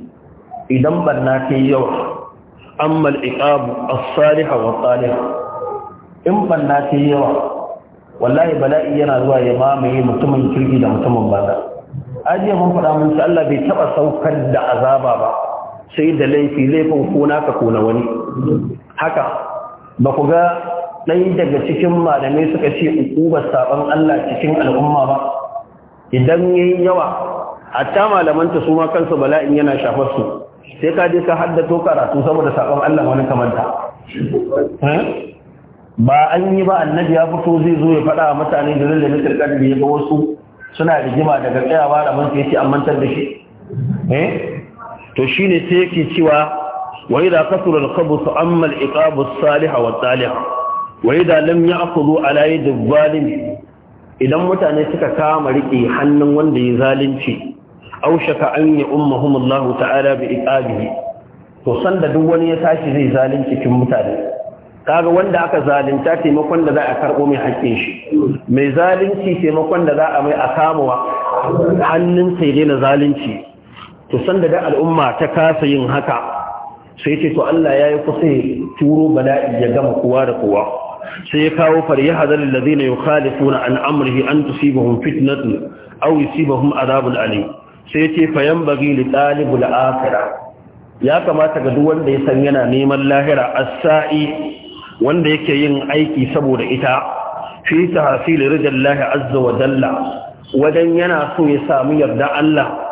idan banna ta yawa amma al-iqabu as-salih wa salih in banna ta yawa wallahi bala'i yana zuwa ya mamaye mutumin kirki da mutumin banza ajiya mun faɗa mun Allah bai taɓa saukar da azaba ba sai da laifi laifin ko naka ko na wani haka ba ku ga ɗan daga cikin malamai suka ce ukubar saban Allah cikin al'umma ba idan yayi yawa a ta malamanta su ma kansu bala'in yana shafar su sai ka je ka haddato karatu saboda sakon Allah wani kamanta eh? ba an yi ba annabi ya fito zai zo ya faɗa mutane da zai da kadari ya ga wasu suna rigima daga tsayawa da ke ci an mantar da shi eh to shine sai yake cewa wa idza kasura al-khabth amma al-iqabu as-salihah wa salihah wa idza lam ya'khudhu ala yadi zalim idan mutane suka kama rike hannun wanda ya zalunci aushaka an ya Allah ta'ala bi iqabihi to sanda duk wani ya tashi zai zalunci cikin mutane kaga wanda aka zalunta taimakon da za a karɓo mai hakkin shi mai zalunci taimakon da za a mai a kamawa hannun sai daina zalunci to sanda da al'umma ta kasa yin haka sai ce to Allah ya yi kusa turo bala'i ya gama kowa da kowa sai ya kawo farya hadar lalazina ya khalifuna an amrihi an tusibahum fitnatun si yusibahum adabun Ali. sai ce fayan bagi li talibul ya kamata ga duk wanda ya san yana neman lahira asai sai wanda yake yin aiki saboda ita fi tahsil ridallahi azza wa jalla wajen yana so ya samu yarda Allah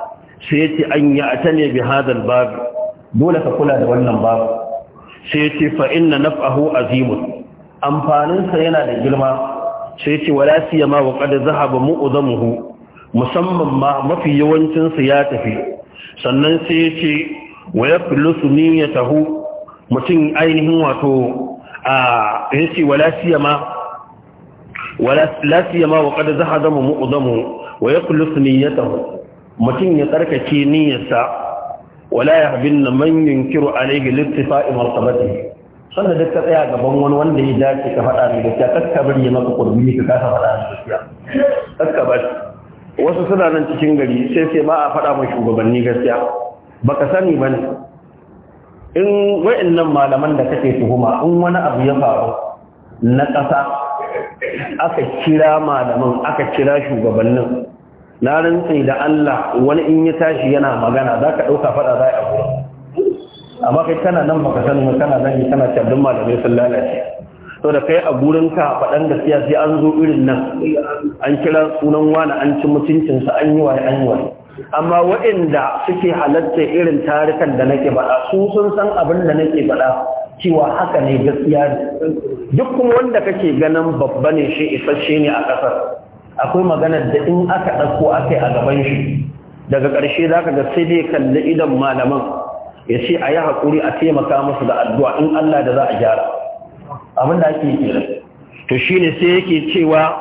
sai ce, an ya atane bi hadal babu. dole ka kula da wannan bab sai ce, fa na naf'ahu azimun amfanin sa yana da girma sai yace wala siyama wa qad zahaba mu'zamuhu musamman ma mafi yawancin ya tafi sannan sai yace wa ya niyyatahu mutum ainihin wato a yace wala siyama ولا لا سيما وقد زهد ni ya نيته mutum ya tsarkake niyyarsa wala ya habin na man yunkiru alaihi littifa'i martabati sanda duk ka tsaya gaban wani wanda ya dace ka faɗa da gaskiya ka bari ya maka kurbi ka kasa faɗa da gaskiya kakka bari wasu suna nan cikin gari sai sai ba a faɗa mai shugabanni gaskiya baka sani ba ne in wa'annan malaman da kake tuhuma in wani abu ya faru na ƙasa aka kira malaman aka kira shugabannin na rantsi da Allah wani in ya tashi yana magana za ka ɗauka faɗa za a gura amma kai kana nan baka sani ba kana yi kana cabdin malamai sun lalace to da kai a gurin ka faɗan gaskiya sai an zo irin nan an kira sunan wani an ci sa an yi waye an yi waye amma waɗanda suke halatta irin tarikan da nake faɗa su sun san abin da nake faɗa cewa haka ne gaskiya duk kuma wanda kake ganin babba ne shi isasshe ne a ƙasar akwai maganar da in aka ɗauko aka a gaban shi daga ƙarshe za ka ga sai dai kalli idan malaman ya ce a yi haƙuri a taimaka musu da addu'a in Allah da za a gyara abin da ake kira to shi ne sai yake cewa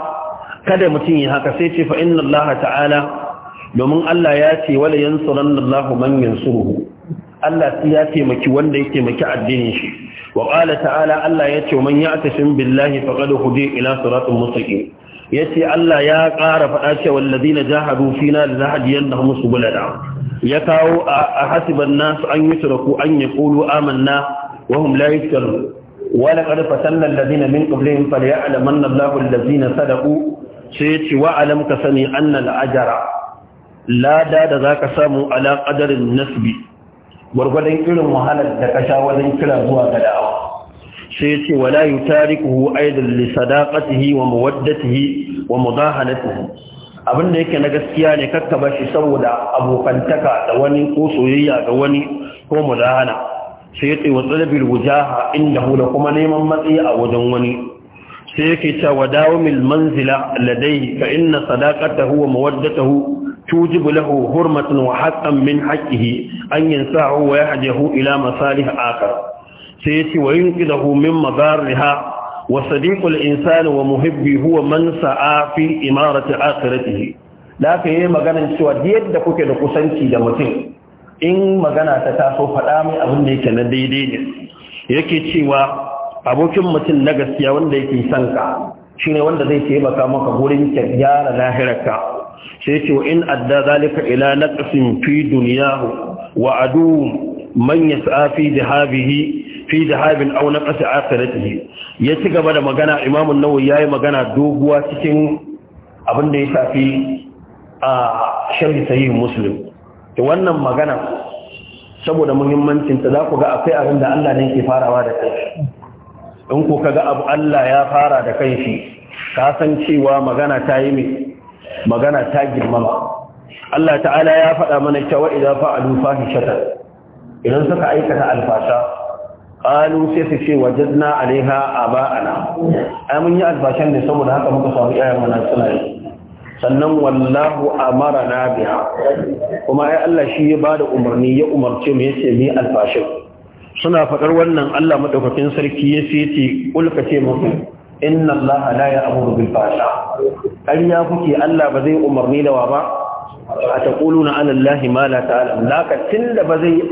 kada mutum yi haka sai ce fa inna Allah ta'ala domin Allah ya ce wala yansuran Allah manyan suruhu. Allah sai ya taimaki wanda ya taimaki addinin shi wa qala ta'ala Allah ya ce man ya'tasim billahi faqad hudu ila siratin mustaqim Ya ce Allah ya ƙara faɗa cewa alladhina jahadu fina lanahdiyannahum bulada ya kawo a hasiban nasu an yusraku an yaqulu amanna wa hum la yuskarun wa laqad fatanna alladhina min qablihim falya'lamanna Allahu alladhina sadaqu sai yace wa alam ka sani anna al-ajra lada da zaka samu ala qadarin nasbi gwargwadon irin wahalar da ka sha wajen kira zuwa ga da'awa sai ya ce wala yi tarikuhu aidan li sadaqatihi wa muwaddatihi wa mudahanatihi abin da yake na gaskiya ne kakka ba shi saboda abokantaka da wani ko soyayya ga wani ko mudahana sai ya ce wa tsalabil wujaha inda, hula, kuma neman matsayi a wajen wani sai yake wa wadawamil manzila ladai ka inna sadaqatahu wa mawaddatahu tujibu lahu hurmatan wa haqqan min haqqihi an yansahu wa yahdihu ila masalih akhar sai yace wa yunqidahu min madariha wa sadiqul insani wa muhibbi huwa man sa'a fi imarati akhiratihi da ka yi maganar cewa yadda kuke da kusanci da mutum in magana ta taso faɗa mai abin da yake na daidai ne yake cewa abokin mutum na gaskiya wanda yake son ka shine wanda zai taimaka maka gurin gyara lahirarka sai ce in adda zalika ila naqsin fi dunyahu wa adu man yas'a fi fi dhahabin aw naqas akhiratihi ya ci gaba da magana Imam an ya yayi magana doguwa cikin abin da ya shafi a sharh sahih Muslim to wannan magana saboda muhimmancin ta za ku ga akwai abin da Allah ne ke farawa da kai in ku kaga abu Allah ya fara da kanshi ka san cewa magana ta yi mai magana ta girmama Allah ta'ala ya faɗa mana cewa idan fa'alu fahishatan idan suka aikata alfasha qalu sai su ce wajadna alaiha aba'ana ai mun yi albashan ne saboda haka muka samu iyayen mu na suna yi sannan wallahu amarana biha kuma ai Allah shi ya bada umarni ya umarce mu yace mu albashin suna fadar wannan Allah madaukakin sarki yace yace ulka ce muku inna Allah la ya'muru bil fahsha ƙarya kuke Allah ba zai umarni da wa ba a taquluna ala Allah ma la ta'lam laka tinda ba zai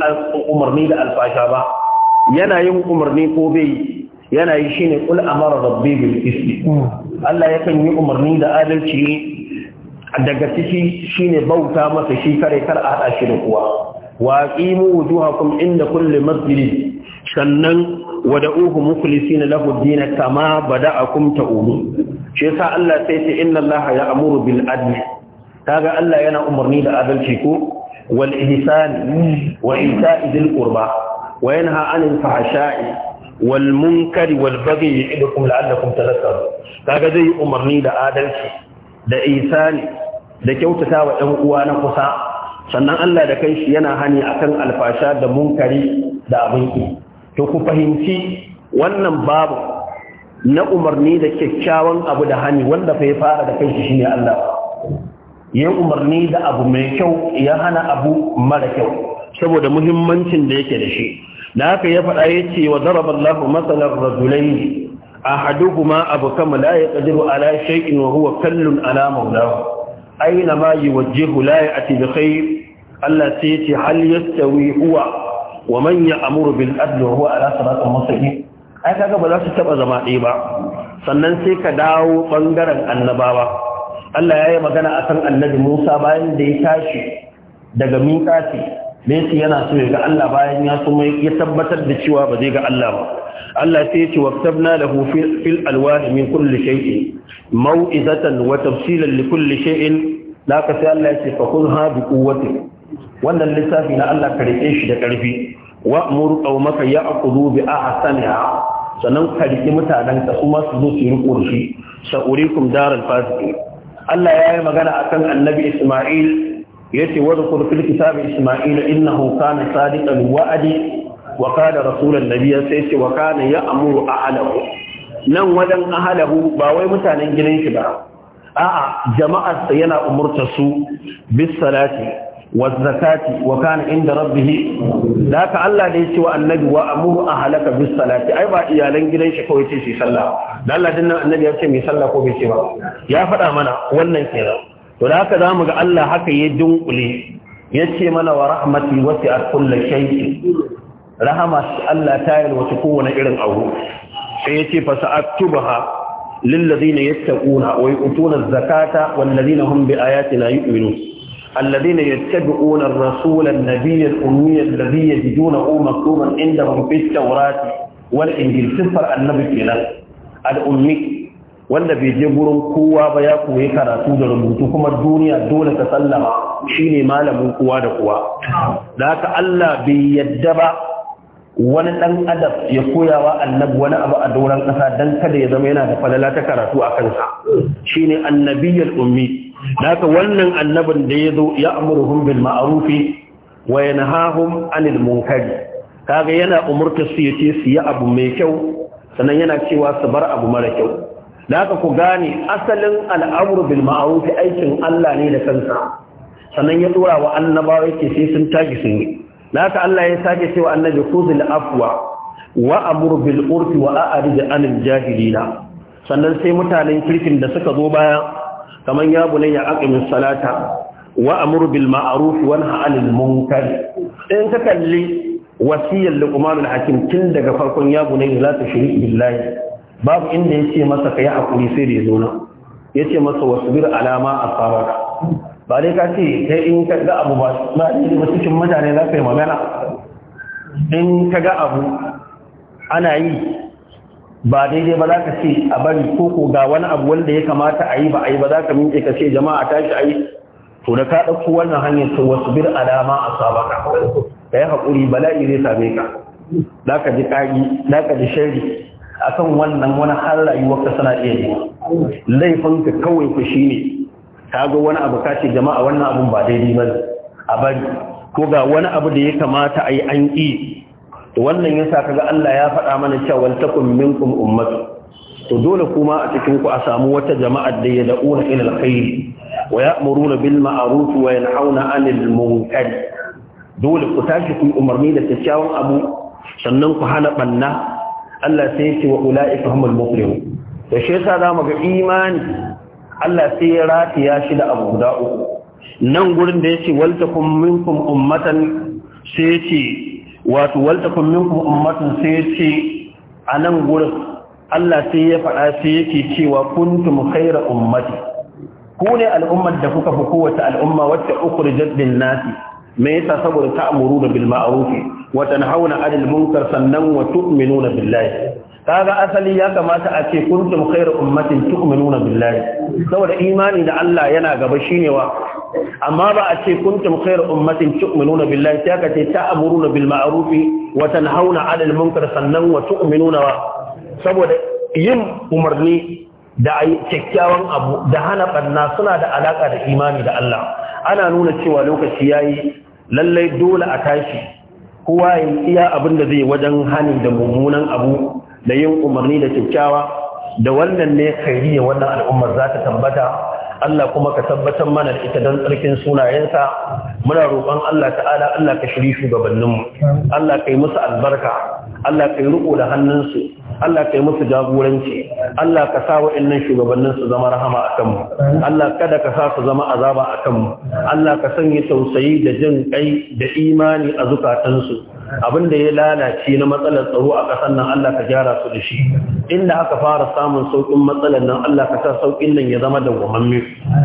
umarni da alfasha ba yana yin umarni ko bai yanayi yi shine kul amara rabbi bil qisti Allah yakan yi umarni da adalci daga ciki shine bauta masa shi kare kar a hada shi da kuwa wa qimu wujuhakum inda kulle masjid sannan wada'uhu mukhlisina lahu ad-din kama bada'akum ta'udu shi yasa Allah sai ce inna Allah amuru bil adli kaga Allah yana umarni da adalci ko wal ihsan wa ita'i qurba wa yanha anil fahsha'i wal munkari wal baghi ya'idukum la'allakum tadhakkarun kaga zai umarni da adalci da isani da kyautata wa 'yan uwa na kusa sannan Allah da kanshi yana hani akan alfasha da munkari da abinki to ku fahimci wannan babu na umarni da kyakkyawan abu da hani wanda fa ya fara da kanshi shi shine Allah ya umarni da abu mai kyau ya hana abu mara kyau saboda muhimmancin da yake da shi da haka ya faɗa ya ce wa zaraballahu matsalar kuma A abukam la yaqdiru ala shay'in wa huwa kallun ala mawlahu aina ma yuwajjihu la ya'ti bi khair Allah sai ya ce hal yastawi huwa wa man ya'muru bil adli wa huwa ala siratin mustaqim ai kaga ba za su taɓa zama ɗaya ba sannan sai ka dawo ɓangaren annabawa Allah ya yi magana kan annabi Musa bayan da ya tashi daga miƙati Messi yana so ya ga Allah bayan ya so ya tabbatar da cewa ba zai ga Allah ba Allah sai ya ce waktabna lahu fil alwah min kulli shay'in mau'izatan wa tafsilan li kulli shay'in la ka sai Allah ya ce fa kunha bi quwwati wannan lissafi na Allah ka rike shi da karfi wa amuru qaumaka ya'qudu bi ahsaniha sannan ka rike mutanen ka kuma su zo su riko shi sa'urikum daral fasiqin Allah ya yi magana akan Annabi Isma'il yace wa dhkur fil kitab isma'il innahu kana sadiqal wa'di wa kana rasulan nabiyya sai yace wa kana ya'muru ahlahu nan wadan ahlahu ba wai mutanen gidan shi ba a'a jama'ar sa yana umurta su bis salati والزكاة وكان عند ربه ذاك الله da yace wa annabi wa amuru ahlaka bis salati ai ba iyalan gidan shi kawai ce shi sallah dan Allah dinnan annabi ya ce mai sallah ko bai ce ba ya faɗa mana wannan kenan to da haka zamu ga Allah haka ya dunkule yace mana wa rahmati wasi'at kulli shay'in rahama Allah ta yalwace kowane irin abu sai yace fa sa'atubaha lil ladina yattaquna wa yu'tuna az-zakata wal ladina hum bi ayatina yu'minun الذين يتبعون الرسول النبي الأمي الذي يجدونه مكتوبا عندهم في التوراة والإنجيل صفر النبي كنا الأمي wanda bai je gurin kowa ba ya koyi karatu da rubutu kuma duniya dole ta sallama shine malamin kowa da kowa da haka Allah bai yadda ba wani dan adab ya koyawa annabi wani abu a doron kasa dan kada ya zama yana da falala ta karatu a kansa shine annabiyul ummi da haka wannan annabin da ya zo ya amuruhum bil ma'rufi wa yanhahum anil munkari kaga yana umurta su yace su yi abu mai kyau sannan yana cewa su bar abu mara kyau da haka ku gane asalin al'amru bil aikin Allah ne da kansa sannan ya dora wa annabawa yake sai sun tashi sun yi da haka Allah ya sake cewa annabi khudhil afwa wa amur bil urfi wa da anil jahilina sannan sai mutanen kirkin da suka zo baya kamar ya bunayya aqimis salata wa amur bil ma'ruf wa anil munkar in ka kalli wasiyar luqmanul hakim tun daga farkon ya bunayya la tushrik billahi babu inda ya ce masa ka yi haƙuri sai da ya zo nan ya ce masa wasu bir alama a farar ba dai ka ce kai in ka ga abu ba ba ne da cikin mutane za ka yi magana in ka ga abu ana yi ba daidai ba za ka ce a bari koko ga wani abu wanda ya kamata a yi ba a yi ba za ka minke ka ce jama'a tashi a yi to da ka ɗauko wannan hanyar to wasu bir alama a sabaka ka yi haƙuri bala'i zai same ka za ka ji ƙari za ka ji shari akan wannan wani har rayuwar ka sana iya yi kawai ku shine Ta ga wani abu ka ce jama'a wannan abun ba daidai ba a bari ko ga wani abu da ya kamata a yi an ƙi wannan yasa kaga Allah ya faɗa mana cewa wal takum minkum ummatu to dole kuma a cikin ku a samu wata jama'a da ya da'una ila alkhair wa ya'muruna bil ma'ruf wa yanhauna 'anil munkar dole ku tashi ku umarni da kyakkyawan abu sannan ku hana banna Allah sai ya ce wa ula'ika humul muflihun da shi yasa zamu ga imani Allah sai ya ratiya shi da abu guda uku nan gurin da yace waltakum minkum ummatan sai ce, wato waltakum minkum ummatan sai ce a nan gurin Allah sai ya faɗa sai yake cewa kuntum khayra ummati ku ne al'ummar da kuka fi kowace al'umma wacce ukhrijat lin nasi me yasa saboda ta'muruna bil ma'ruf wa tanhauna 'anil munkar sannan wa tu'minuna billahi kaga asali ya kamata a ce kuntum khairu ummatin tu'minuna billahi saboda imani da Allah yana gaba shine wa amma ba a ce kuntum khairu ummatin tu'minuna billahi sai ka ce ta'muruna bil ma'ruf wa tanhauna 'anil munkar sannan wa tu'minuna saboda yin umarni da a kyakkyawan abu da hana ɓanna suna da alaƙa da imani da Allah ana nuna cewa lokaci ya yi lallai dole a tashi kowa ya iya abin da zai wajen hani da mummunan abu da yin umarni da kyakkyawa da wannan ne khairiyya wannan al'ummar za ta tabbata Allah kuma ka tabbatar mana da ita don tsarkin sunayensa muna roƙon Allah ta'ala Allah ka shiri shugabanninmu Allah ka yi musu albarka Allah ka yi riko da hannunsu Allah ka yi musu jagoranci Allah ka sa wa'annan shugabannin su zama rahama a kanmu Allah kada ka sa su zama azaba a kanmu Allah ka sanya tausayi da jin kai da imani a zukatansu abin da ya lalace na matsalar tsaro a ƙasar nan Allah ka gyara su da shi inda aka fara samun sauƙin matsalar nan Allah ka sa sauƙin nan ya zama da gwamamme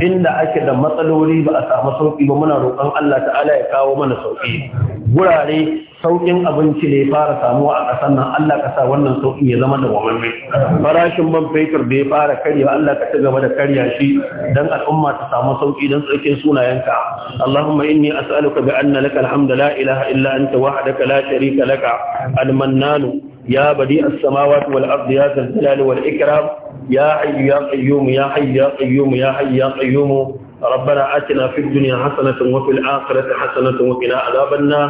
inda ake da matsaloli ba a samu sauƙi ba muna roƙon Allah ta'ala ya kawo mana sauƙi gurare sauƙin abinci ne fara samuwa a ƙasar nan Allah ka sa wannan sauƙin ya zama da wamamme farashin man fetur da ya fara karya Allah ka ci gaba da karya shi dan al'umma ta samu sauƙi dan tsarkin sunayenka Allahumma inni as'aluka bi anna laka alhamdu la ilaha illa anta wahdaka la sharika laka al-mannan ya badi as-samawati wal ardi ya zal jalali wal ikram ya hayyu ya qayyum ya hayyu ya qayyum ya hayyu ya qayyum ربنا آتنا في الدنيا حسنة وفي الآخرة حسنة وقنا عذاب النار